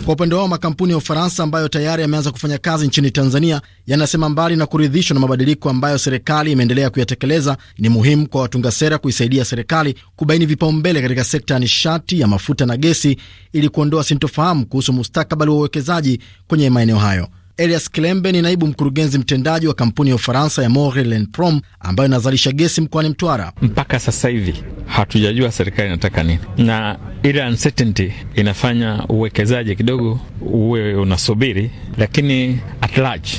Kwa upande wao, makampuni ya Ufaransa ambayo tayari yameanza kufanya kazi nchini Tanzania yanasema mbali na kuridhishwa na mabadiliko ambayo serikali imeendelea kuyatekeleza, ni muhimu kwa watunga sera kuisaidia serikali kubaini vipaumbele katika sekta ya nishati ya mafuta mafuta na gesi ili kuondoa sintofahamu kuhusu mustakabali wa uwekezaji kwenye maeneo hayo. Elias Kilembe ni naibu mkurugenzi mtendaji wa kampuni ya Ufaransa ya Maurel Prom ambayo inazalisha gesi mkoani Mtwara.
Mpaka sasa hivi hatujajua serikali inataka nini, na ile uncertainty inafanya uwekezaji kidogo uwe unasubiri, lakini at large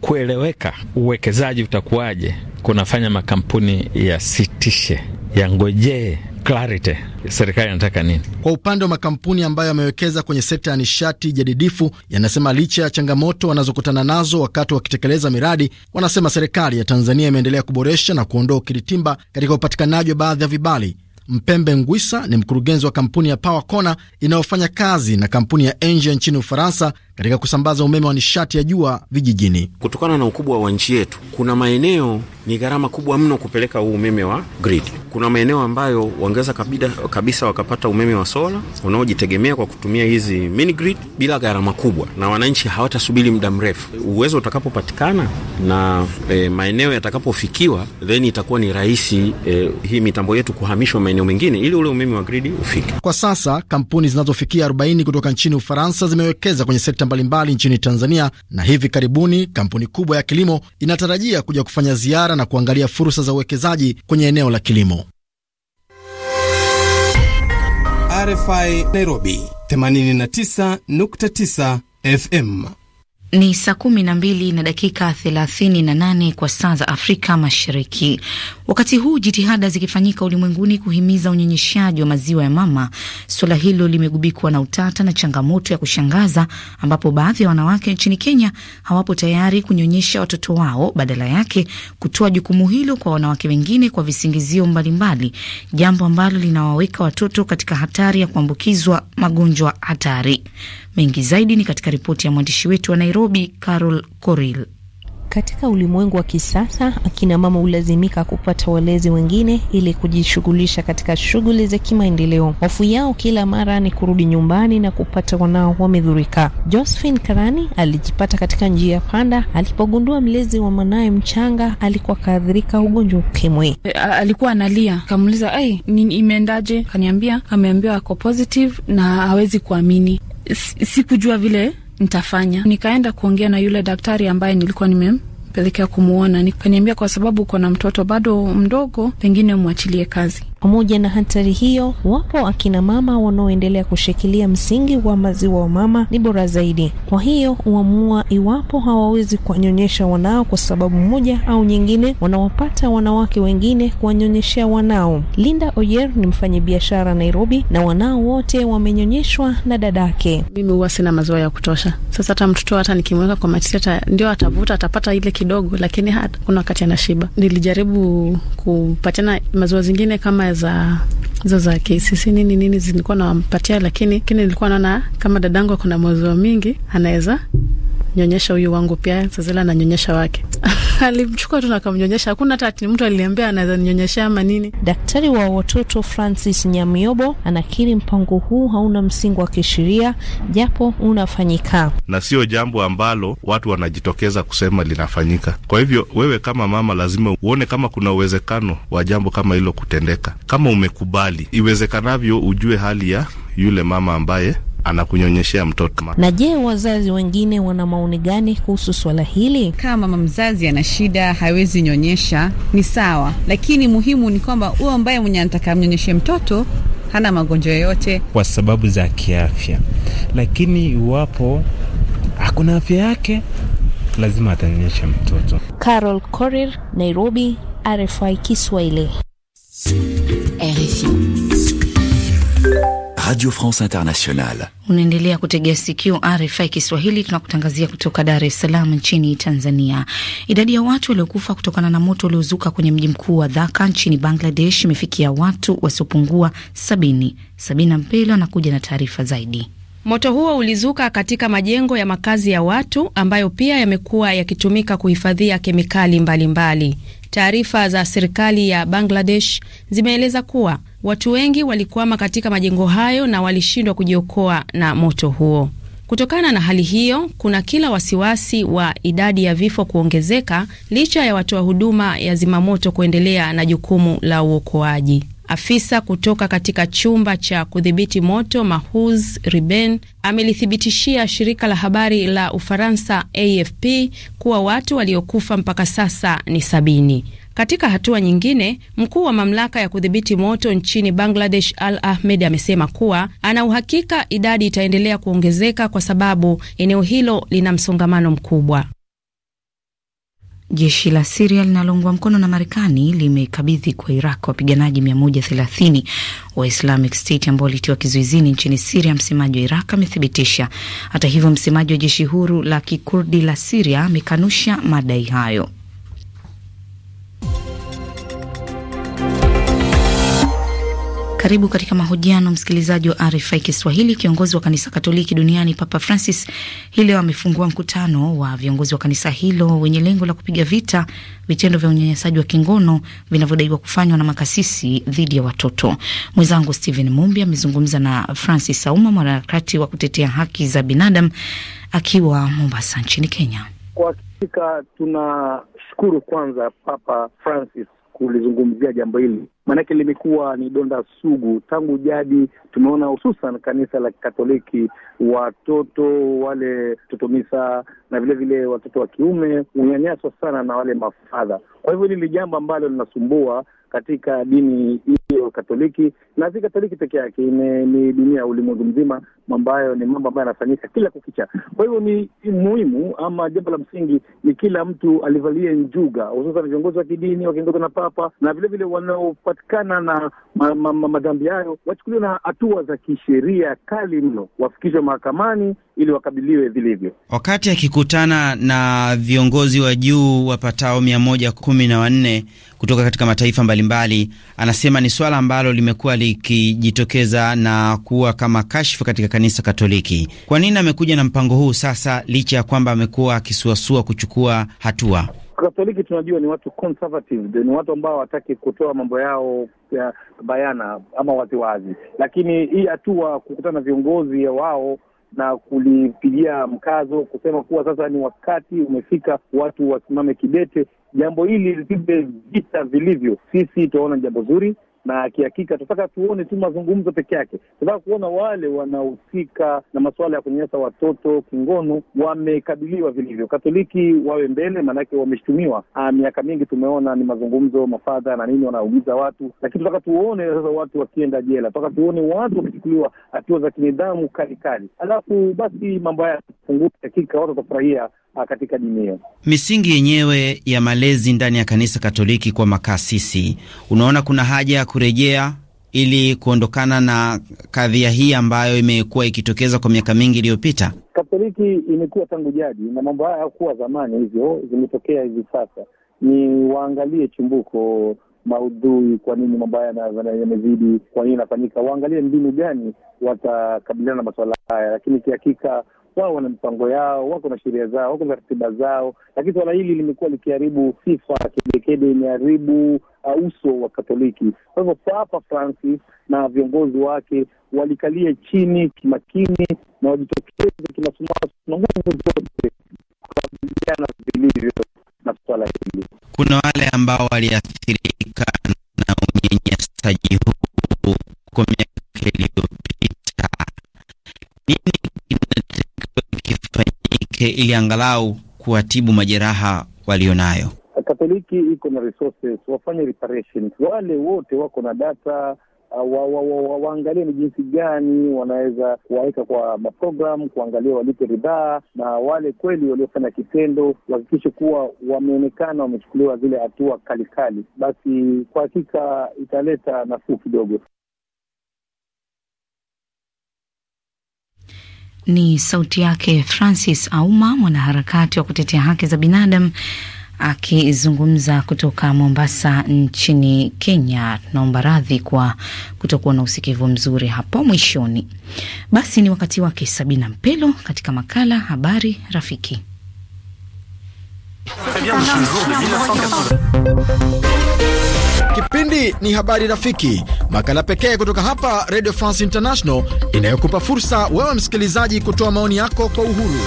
kueleweka uwekezaji utakuwaje kunafanya makampuni yasitishe, yangojee clarity, serikali inataka nini.
Kwa upande wa makampuni ambayo yamewekeza kwenye sekta ya nishati jadidifu, yanasema licha ya changamoto wanazokutana nazo wakati wakitekeleza miradi, wanasema serikali ya Tanzania imeendelea kuboresha na kuondoa ukiritimba katika upatikanaji wa baadhi ya vibali. Mpembe Ngwisa ni mkurugenzi wa kampuni ya Power Corner inayofanya kazi na kampuni ya Engie nchini Ufaransa katika kusambaza umeme wa nishati ya jua vijijini.
Kutokana na ukubwa wa nchi yetu, kuna maeneo ni gharama kubwa mno kupeleka huu umeme wa grid. Kuna maeneo ambayo wangeweza kabisa wakapata umeme wa sola unaojitegemea kwa kutumia hizi mini grid bila gharama kubwa, na wananchi hawatasubiri muda mrefu. Uwezo utakapopatikana na e, maeneo yatakapofikiwa, then itakuwa ni rahisi e, hii mitambo yetu kuhamishwa maeneo mengine ili ule umeme wa gridi ufike.
Kwa sasa kampuni zinazofikia 40 kutoka nchini Ufaransa zimewekeza kwenye sekta sekta mbalimbali nchini Tanzania, na hivi karibuni kampuni kubwa ya kilimo inatarajia kuja kufanya ziara na kuangalia fursa za uwekezaji kwenye eneo la
kilimo. RFI Nairobi 89.9 FM.
Ni saa kumi na mbili na dakika thelathini na nane kwa saa za Afrika Mashariki. Wakati huu jitihada zikifanyika ulimwenguni kuhimiza unyonyeshaji wa maziwa ya mama, suala hilo limegubikwa na utata na changamoto ya kushangaza, ambapo baadhi ya wanawake nchini Kenya hawapo tayari kunyonyesha watoto wao, badala yake kutoa jukumu hilo kwa wanawake wengine kwa visingizio mbalimbali, jambo ambalo linawaweka watoto katika hatari ya kuambukizwa magonjwa hatari. Mengi zaidi ni katika ripoti ya mwandishi wetu wa Nairobi, Carol Coril. Katika ulimwengu wa kisasa akina mama hulazimika kupata walezi wengine
ili kujishughulisha katika shughuli za kimaendeleo. Hofu yao kila mara ni kurudi nyumbani na kupata wanao wamedhurika. Josephine Karani alijipata katika njia ya panda alipogundua mlezi wa mwanaye mchanga alikuwa akaathirika ugonjwa ukimwi. E, alikuwa analia, kamuuliza ai, imeendaje? Kaniambia ameambiwa ako positive na hawezi kuamini sikujua vile nitafanya. Nikaenda kuongea na yule daktari ambaye nilikuwa nimempelekea kumwona, nikaniambia kwa sababu uko na mtoto bado mdogo, pengine umwachilie kazi. Pamoja na hatari hiyo, wapo akina mama wanaoendelea kushikilia msingi wa maziwa wa mama ni bora zaidi, kwa hiyo huamua iwapo hawawezi kuwanyonyesha wanao kwa sababu moja au nyingine, wanawapata wanawake wengine kuwanyonyeshea wanao. Linda Oyer ni mfanyabiashara Nairobi, na wanao wote wamenyonyeshwa na dadake. Mimi huwa sina maziwa ya kutosha. Sasa hata mtoto hata nikimweka kwa matiti ndio
atavuta, atapata ile kidogo, lakini hata kuna wakati anashiba. Nilijaribu kupatana maziwa zingine kama za hizo za KCC nini nini zilikuwa nawampatia, lakini kini nilikuwa naona kama dadangu akona mwezo mingi anaweza nyonyesha huyu wangu pia, sazila
ananyonyesha wake alimchukua tu na Hakuna hata ati mtu aliniambia anaweza ninyonyeshea ama nini. Daktari wa watoto Francis Nyamiobo anakiri mpango huu hauna msingi wa kisheria, japo unafanyika
na sio jambo ambalo watu wanajitokeza
kusema linafanyika.
Kwa hivyo wewe kama mama lazima uone kama kuna uwezekano wa jambo kama hilo kutendeka. Kama umekubali iwezekanavyo, ujue hali ya yule mama ambaye anakunyonyeshea mtoto. Na
je, wazazi wengine wana maoni gani kuhusu swala hili? Kama mama mzazi ana shida hawezi nyonyesha ni sawa, lakini muhimu ni kwamba huyo ambaye mwenye anataka amnyonyeshe mtoto hana magonjwa yoyote
kwa sababu za kiafya, lakini iwapo hakuna afya yake lazima
atanyonyesha mtoto.
Carol Korir, Nairobi, RFI Kiswahili.
Radio France Internationale.
Unaendelea kutegea sikio RFI Kiswahili, tunakutangazia kutoka Dar es Salaam nchini Tanzania. Idadi ya watu waliokufa kutokana na moto uliozuka kwenye mji mkuu wa Dhaka nchini Bangladesh imefikia watu wasiopungua sabini. Sabina Mpelo anakuja na taarifa zaidi.
Moto huo ulizuka katika majengo ya makazi ya watu ambayo pia yamekuwa yakitumika kuhifadhia kemikali mbalimbali. Taarifa za serikali ya Bangladesh zimeeleza kuwa Watu wengi walikwama katika majengo hayo na walishindwa kujiokoa na moto huo. Kutokana na hali hiyo, kuna kila wasiwasi wa idadi ya vifo kuongezeka licha ya watoa huduma ya zimamoto kuendelea na jukumu la uokoaji. Afisa kutoka katika chumba cha kudhibiti moto Mahuz Riben amelithibitishia shirika la habari la Ufaransa AFP kuwa watu waliokufa mpaka sasa ni sabini. Katika hatua nyingine, mkuu wa mamlaka ya kudhibiti moto nchini Bangladesh Al Ahmed amesema kuwa ana uhakika idadi itaendelea kuongezeka kwa sababu eneo hilo lina msongamano mkubwa.
Jeshi la Siria linaloungwa mkono na Marekani limekabidhi kwa Iraq wapiganaji 130 wa Islamic State ambao walitiwa kizuizini nchini Siria, msemaji wa Iraq amethibitisha. Hata hivyo, msemaji wa jeshi huru la kikurdi la Siria amekanusha madai hayo. Karibu katika mahojiano, msikilizaji wa RFI Kiswahili. Kiongozi wa kanisa Katoliki duniani Papa Francis hii leo amefungua mkutano wa viongozi wa kanisa hilo wenye lengo la kupiga vita vitendo vya unyanyasaji wa kingono vinavyodaiwa kufanywa na makasisi dhidi ya watoto. Mwenzangu Stephen Mumbi amezungumza na Francis auma mwanaharakati wa kutetea haki za binadamu akiwa Mombasa nchini Kenya. Kwa
hakika tunashukuru kwanza Papa Francis kulizungumzia jambo hili, maanake limekuwa ni donda sugu tangu jadi. Tumeona hususan kanisa la Kikatoliki, watoto wale, toto misa na vilevile vile watoto wa kiume hunyanyaswa sana na wale mafadha. Kwa hivyo hili ni jambo ambalo linasumbua katika dini hii sio Katoliki na si Katoliki peke yake, ni dunia ya ulimwengu mzima, ambayo ni mambo ambayo yanafanyika kila kukicha. Kwa hivyo ni muhimu ama jambo la msingi ni kila mtu alivalie njuga, hususan viongozi wa kidini wakiongozwa na Papa na vilevile wanaopatikana na madhambi hayo wachukuliwe na hatua za kisheria kali mno, wafikishwe mahakamani ili wakabiliwe vilivyo.
Wakati akikutana na viongozi wa juu wapatao mia moja kumi na wanne kutoka katika mataifa mbalimbali, anasema ni swala ambalo limekuwa likijitokeza na kuwa kama kashfa katika kanisa Katoliki. Kwa nini amekuja na mpango huu sasa, licha ya kwamba amekuwa akisuasua kuchukua hatua?
Katoliki tunajua ni watu conservative, ni watu ambao hawataki kutoa mambo yao ya bayana ama waziwazi, lakini hii hatua kukutana na viongozi wao na kulipigia mkazo kusema kuwa sasa ni wakati umefika watu wasimame kidete. Jambo hili lipige vita vilivyo. Sisi tunaona jambo zuri, na kihakika tunataka tuone tu mazungumzo peke yake. Tunataka kuona wale wanahusika na masuala ya kunyanyasa watoto kingono wamekabiliwa vilivyo. Katoliki wawe mbele, maanake wameshtumiwa ah, miaka mingi. Tumeona ni mazungumzo mafadha na nini, wanaumiza watu, lakini tunataka tuone sasa watu wakienda jela, tunataka tuone watu wakichukuliwa hatua za kinidhamu kalikali alafu basi mambo haya funguka, hakika watu watafurahia Uh, katika dini hiyo.
Misingi yenyewe ya malezi ndani ya kanisa Katoliki kwa makasisi, unaona kuna haja ya kurejea ili kuondokana na kadhia hii ambayo imekuwa ikitokeza kwa miaka mingi iliyopita.
Katoliki imekuwa tangu jadi, na mambo haya hayakuwa zamani, hivyo zimetokea hivi sasa. Ni waangalie chimbuko maudhui, kwa nini mambo haya yamezidi, kwa nini inafanyika waangalie mbinu gani watakabiliana na masuala haya, lakini kihakika wao wana mipango yao, wako na sheria zao, wako na ratiba zao, lakini swala hili limekuwa likiharibu sifa kedekede, imeharibu uh, uso wa Katoliki. Kwa hivyo Papa Francis na viongozi wake walikalie chini kimakini na wajitokeze kimasumasu na nguvu zote kukabiliana vilivyo
na swala
hili. Kuna wale ambao waliathirika na unyanyasaji huu kwa miaka iliyopita nini yake ili angalau kuwatibu majeraha walionayo.
Katoliki iko na resources, wafanye Wale wote wako na data uh, waangalie ni jinsi gani wanaweza kuwaweka kwa maprogram kuangalia walipe ridhaa, na wale kweli waliofanya kitendo wahakikishe kuwa wameonekana, wamechukuliwa zile hatua kalikali Basi kwa hakika italeta nafuu kidogo.
Ni sauti yake Francis Auma, mwanaharakati wa kutetea haki za binadamu akizungumza kutoka Mombasa nchini Kenya. Tunaomba radhi kwa kutokuwa na usikivu mzuri hapo mwishoni. Basi ni wakati wake Sabina Mpelo katika makala Habari Rafiki. Kipindi ni Habari
Rafiki, makala pekee kutoka hapa Radio France International inayokupa fursa wewe msikilizaji kutoa maoni yako kwa uhuru.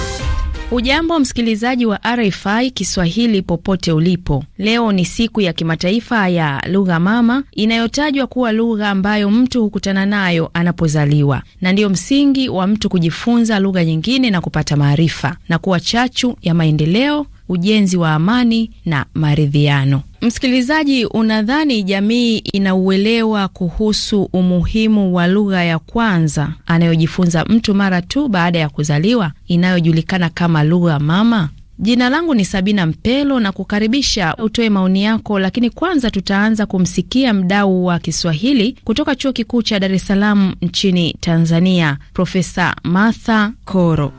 Ujambo msikilizaji wa RFI Kiswahili popote ulipo. Leo ni siku ya kimataifa ya lugha mama inayotajwa kuwa lugha ambayo mtu hukutana nayo anapozaliwa na ndiyo msingi wa mtu kujifunza lugha nyingine na kupata maarifa na kuwa chachu ya maendeleo ujenzi wa amani na maridhiano. Msikilizaji, unadhani jamii inauelewa kuhusu umuhimu wa lugha ya kwanza anayojifunza mtu mara tu baada ya kuzaliwa inayojulikana kama lugha mama? Jina langu ni Sabina Mpelo na kukaribisha utoe maoni yako, lakini kwanza tutaanza kumsikia mdau wa Kiswahili kutoka Chuo Kikuu cha Dar es Salaam nchini Tanzania, Profesa Martha Koro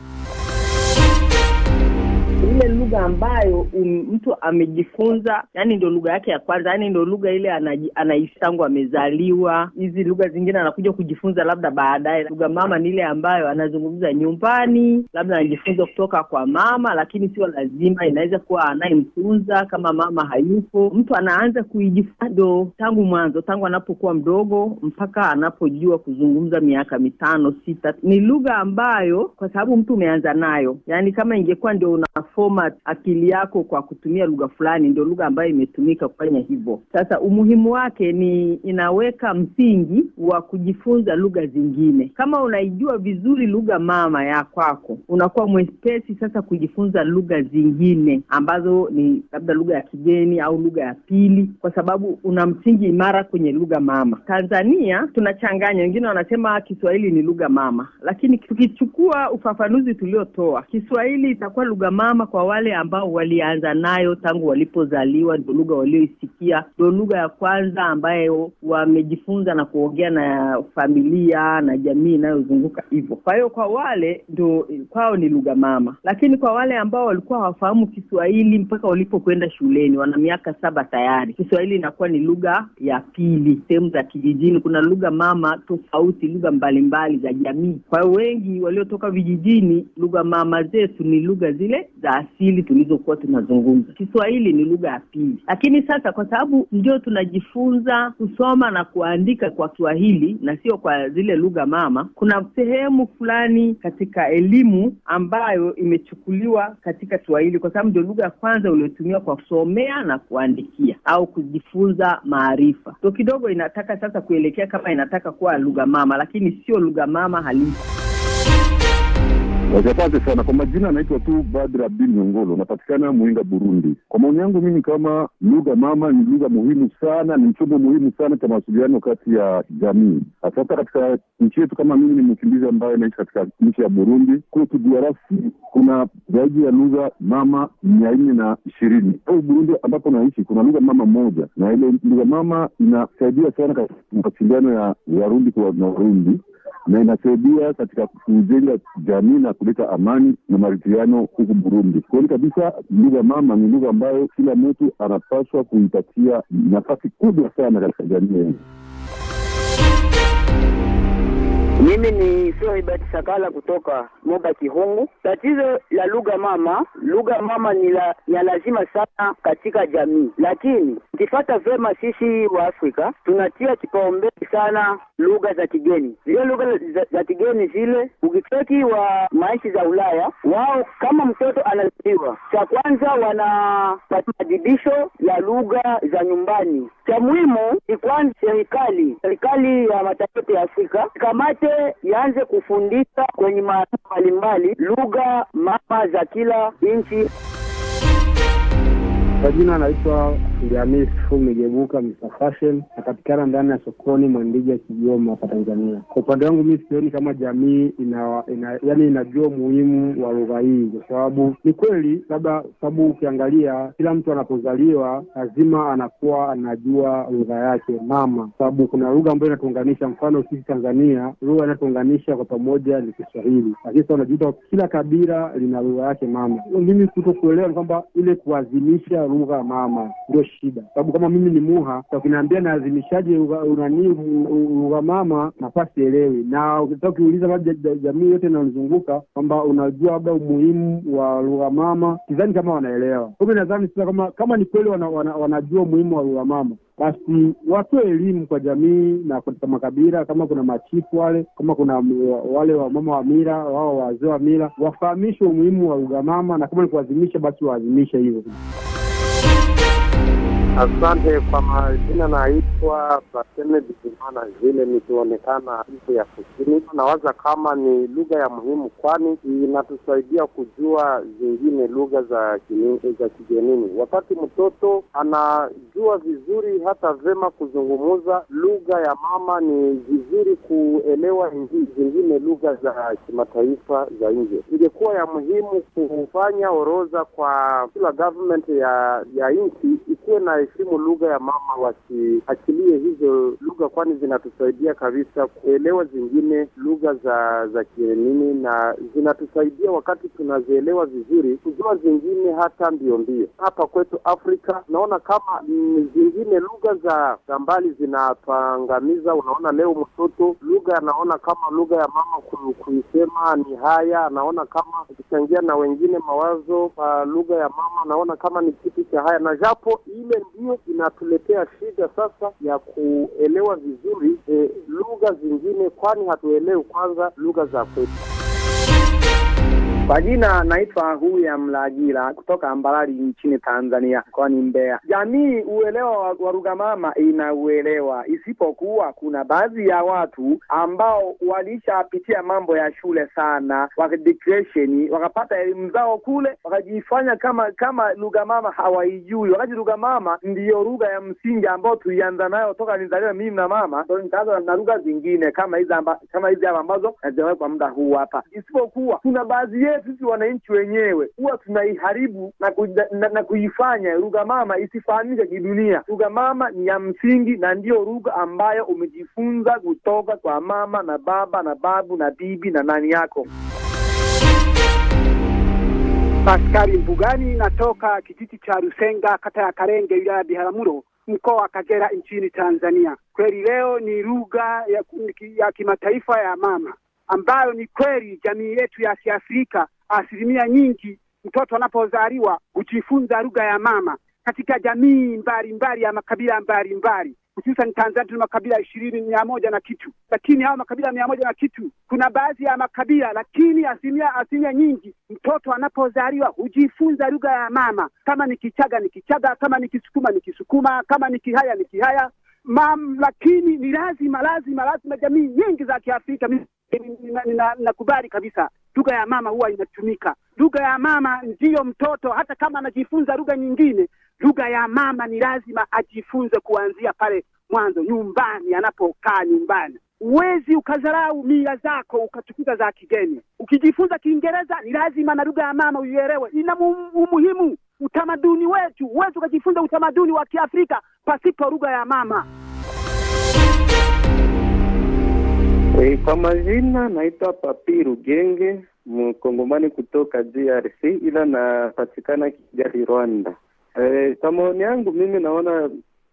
lugha ambayo um, mtu amejifunza, yani ndo lugha yake ya kwanza, yani ndo lugha ile anaisangu amezaliwa. Hizi lugha zingine anakuja kujifunza labda baadaye. Lugha mama ni ile ambayo anazungumza nyumbani, labda anajifunza kutoka kwa mama, lakini sio lazima, inaweza kuwa anayemtunza kama mama hayupo. Mtu anaanza kuijifunza ndo tangu mwanzo, tangu anapokuwa mdogo mpaka anapojua kuzungumza miaka mitano sita. Ni lugha ambayo kwa sababu mtu umeanza nayo, yani kama ingekuwa ndio una format akili yako kwa kutumia lugha fulani, ndio lugha ambayo imetumika kufanya hivyo. Sasa umuhimu wake ni inaweka msingi wa kujifunza lugha zingine. Kama unaijua vizuri lugha mama ya kwako, unakuwa mwepesi sasa kujifunza lugha zingine ambazo ni labda lugha ya kigeni au lugha ya pili, kwa sababu una msingi imara kwenye lugha mama. Tanzania tunachanganya, wengine wanasema Kiswahili ni lugha mama, lakini tukichukua ufafanuzi tuliotoa, Kiswahili itakuwa lugha mama kwa wale wale ambao walianza nayo tangu walipozaliwa, ndio lugha walioisikia, ndio lugha ya kwanza ambayo wamejifunza na kuongea na familia na jamii inayozunguka hivyo. Kwa hiyo kwa wale ndio kwao ni lugha mama, lakini kwa wale ambao walikuwa hawafahamu Kiswahili mpaka walipokwenda shuleni, wana miaka saba tayari Kiswahili inakuwa ni lugha ya pili. Sehemu za kijijini kuna lugha mama tofauti, lugha mbalimbali za jamii. Kwa hiyo wengi waliotoka vijijini, lugha mama zetu ni lugha zile za asili mbili tulizokuwa tunazungumza. Kiswahili ni lugha ya pili, lakini sasa kwa sababu ndio tunajifunza kusoma na kuandika kwa Kiswahili na sio kwa zile lugha mama, kuna sehemu fulani katika elimu ambayo imechukuliwa katika Kiswahili kwa sababu ndio lugha ya kwanza uliotumiwa kwa kusomea na kuandikia au kujifunza maarifa. So kidogo inataka sasa kuelekea kama inataka kuwa lugha mama, lakini sio lugha mama halisi
asante sana kwa majina, anaitwa tu Badra abdin Nyongolo, napatikana Muinga, Burundi. Kwa maoni yangu mimi, kama lugha mama ni lugha muhimu sana, ni chombo muhimu sana cha mawasiliano kati ya jamii, hasa katika nchi yetu. Kama mimi ni mkimbizi ambaye naishi katika nchi ya Burundi, kwetu DRC kuna zaidi ya lugha mama mia nne na ishirini au Burundi ambapo naishi kuna lugha mama moja, na ile lugha mama inasaidia sana katika mawasiliano ya Warundi kwa na Warundi na inasaidia katika kujenga jamii na kuleta amani na maridhiano huku Burundi. Kweli kabisa, lugha mama ni lugha ambayo kila mtu anapaswa kuipatia nafasi kubwa sana katika jamii yenu. Mimi ni Sohibat Sakala
kutoka Moba Kihungu. Tatizo la lugha mama, lugha mama ni la ya lazima sana katika jamii, lakini ukifata vyema, sisi wa Afrika tunatia kipaumbele sana lugha za kigeni. Zile lugha za, za kigeni zile, ukicheki wa maishi za Ulaya, wao kama mtoto anazaliwa, cha kwanza wanapata majibisho ya lugha za nyumbani. Cha muhimu ni kwanza serikali serikali ya mataifa ya Afrika kamate shule ianze kufundisha kwenye maeneo mbalimbali lugha mama za kila nchi.
Kwa jina anaitwa Fundi Hamisi Mr Fashion, napatikana ndani ya sokoni Mwandija Kigoma hapa Tanzania. Kwa upande wangu mi sioni kama jamii ina, ina yani inajua umuhimu wa lugha hii, kwa sababu ni kweli, labda sababu ukiangalia kila mtu anapozaliwa lazima anakuwa anajua lugha yake mama, sababu kuna lugha ambayo inatuunganisha. Mfano sisi Tanzania, lugha inatuunganisha kwa pamoja ni Kiswahili, lakini sa unajuta kila kabila lina lugha yake mama. Mimi kuto kuelewa ni kwamba ile kuazimisha lugha ya mama ndio shida, sababu kama mimi ni Muha kinaambia naazimishaje unani lugha mama nafasi elewi, na ukitaka ukiuliza labda jamii yote inanizunguka kwamba unajua labda umuhimu wa lugha mama, sidhani kama wanaelewa. Kwa nadhani sasa kama kama ni kweli wana, wana, wanajua umuhimu wa lugha mama basi watoe elimu kwa jamii na katika makabila, kama kuna machifu wale, kama kuna wale wamama wa mila, wao wazee wa mila, wafahamishwe umuhimu wa lugha mama, na kama ni kuadhimisha, basi waazimishe hivyo. Asante kwa majina, naitwa Bateme
Bizimana Zile, nikionekana Kivu ya Kusini. Nawaza kama ni lugha ya muhimu, kwani inatusaidia kujua zingine lugha za za kigenini. Wakati mtoto anajua vizuri hata vema kuzungumuza lugha ya mama, ni vizuri kuelewa zingine lugha za kimataifa za nje. Ingekuwa ya muhimu kufanya orodha kwa kila government ya ya nchi ikuwe na kuheshimu lugha ya mama, wasiachilie hizo lugha, kwani zinatusaidia kabisa kuelewa zingine lugha za za kienini, na zinatusaidia wakati tunazielewa vizuri kujua zingine hata mbio mbio. Hapa kwetu Afrika naona kama mm, zingine lugha za, za mbali zinapangamiza. Unaona leo mtoto lugha anaona kama lugha ya mama kuisema ni haya, anaona kama ukichangia na wengine mawazo kwa lugha ya mama, anaona kama ni kitu cha haya na japo ile hiyo inatuletea shida sasa ya kuelewa vizuri e, lugha zingine, kwani hatuelewi kwanza lugha za kwetu.
Kwa jina naitwa ya Lajila kutoka Mbarali nchini Tanzania, mkoani Mbeya. Jamii uelewa wa lugha mama inauelewa,
isipokuwa kuna baadhi ya watu ambao walishapitia mambo ya shule sana, wakadicresheni, wakapata elimu zao kule, wakajifanya kama kama lugha mama hawaijui, wakati lugha mama ndiyo lugha ya msingi ambayo tulianza nayo toka nizaliwa mimi na mama, ndio nikaanza na lugha zingine kama hizi kama hizi hapa ambazo nazawai kwa muda huu hapa, isipokuwa kuna baadhi sisi wananchi wenyewe huwa tunaiharibu na, na, na kuifanya lugha mama isifahamike kidunia. Lugha mama ni ya msingi na ndiyo lugha ambayo umejifunza kutoka kwa mama na baba na babu na bibi na nani yako.
Paskari Mbugani natoka kijiji cha Rusenga, kata ya Karenge, wilaya ya Biharamulo, mkoa wa Kagera, nchini Tanzania. Kweli leo ni lugha ya, ya kimataifa ya mama ambayo ni kweli jamii yetu ya Kiafrika asilimia nyingi mtoto anapozaliwa hujifunza lugha ya mama katika jamii mbalimbali mbali ya makabila mbalimbali hususan Tanzania tuna makabila ishirini mia moja na kitu, lakini hao makabila mia moja na kitu, kuna baadhi ya makabila lakini asilimia asilimia nyingi, mtoto anapozaliwa hujifunza lugha ya mama. Kama ni Kichaga ni Kichaga, kama ni Kisukuma ni Kisukuma, kama ni Kihaya ni Kihaya. Mam, lakini ni lazima lazima lazima jamii nyingi za Kiafrika Nakubali kabisa, lugha ya mama huwa inatumika. Lugha ya mama ndiyo mtoto, hata kama anajifunza lugha nyingine, lugha ya mama ni lazima ajifunze kuanzia pale mwanzo, nyumbani, anapokaa nyumbani. Huwezi ukadharau mila zako ukatukuza za kigeni. Ukijifunza Kiingereza ni lazima na lugha ya mama uielewe, ina umuhimu. Utamaduni wetu, huwezi ukajifunza utamaduni wa Kiafrika pasipo lugha ya mama.
E, kwa majina naitwa Papi Rugenge, mkongomani kutoka DRC ila napatikana Kigali, Rwanda. E, kwa maoni yangu mimi naona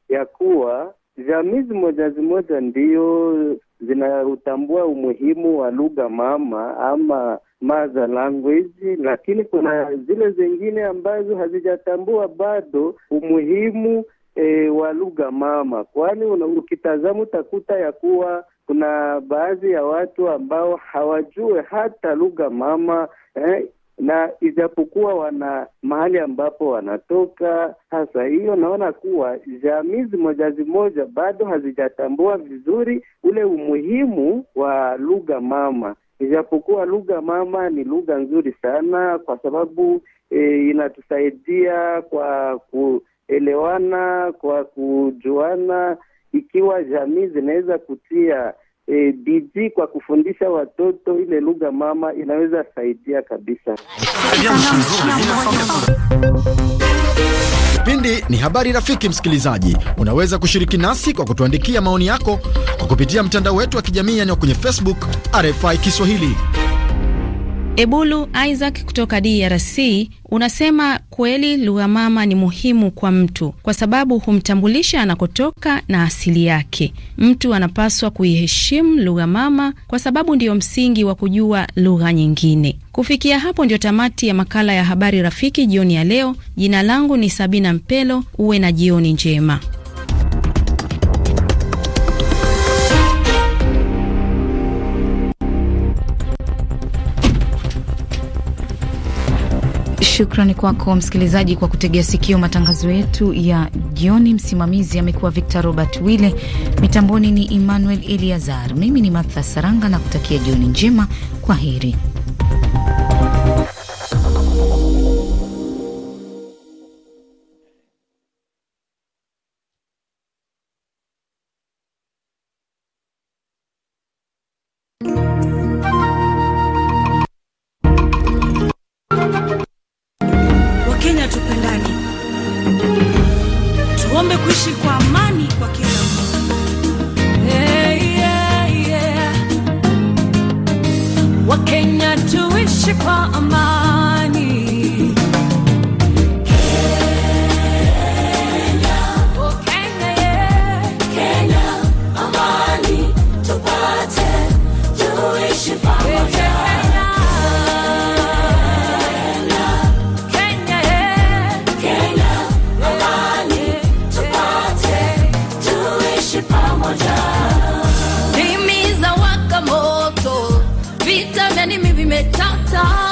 ya kuwa jamii zimoja zimoja ndiyo zinautambua umuhimu wa lugha mama ama mother language, lakini kuna zile zingine ambazo hazijatambua bado umuhimu e, wa lugha mama, kwani ukitazama utakuta ya kuwa kuna baadhi ya watu ambao hawajue hata lugha mama eh, na ijapokuwa wana mahali ambapo wanatoka. Sasa hiyo naona kuwa jamii zimoja zimoja bado hazijatambua vizuri ule umuhimu wa lugha mama, ijapokuwa lugha mama ni lugha nzuri sana, kwa sababu e, inatusaidia kwa kuelewana, kwa kujuana ikiwa jamii zinaweza kutia e, bidii kwa kufundisha watoto ile lugha mama, inaweza saidia kabisa.
Kipindi ni habari rafiki. Msikilizaji, unaweza kushiriki nasi kwa kutuandikia maoni yako kwa kupitia mtandao wetu wa kijamii, yaani kwenye Facebook RFI Kiswahili.
Ebulu Isaac kutoka DRC unasema kweli lugha mama ni muhimu kwa mtu kwa sababu humtambulisha anakotoka na asili yake. Mtu anapaswa kuiheshimu lugha mama kwa sababu ndiyo msingi wa kujua lugha nyingine. Kufikia hapo ndio tamati ya makala ya habari rafiki jioni ya leo. Jina langu ni Sabina Mpelo. Uwe na jioni njema.
Shukrani kwako msikilizaji kwa kutegea sikio matangazo yetu ya jioni. Msimamizi amekuwa Victor Robert Wille, mitamboni ni Emmanuel Eliazar, mimi ni Martha Saranga na kutakia jioni njema. Kwa heri.
song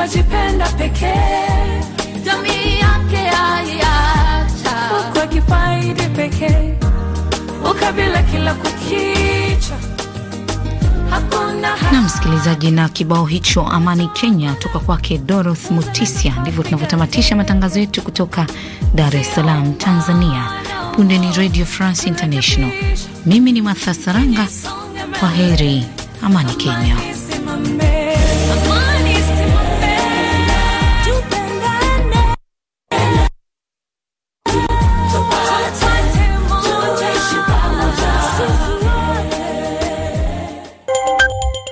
asiyojipenda pekee, jamii yake aiacha, kwa kifaidi pekee
ukabila kila kukicha na msikilizaji, na kibao hicho Amani Kenya toka kwake Doroth Mutisia. Ndivyo tunavyotamatisha matangazo yetu kutoka Dar es Salaam, Tanzania. Punde ni Radio France International. Mimi ni Matha Saranga, kwa heri. Amani Kenya.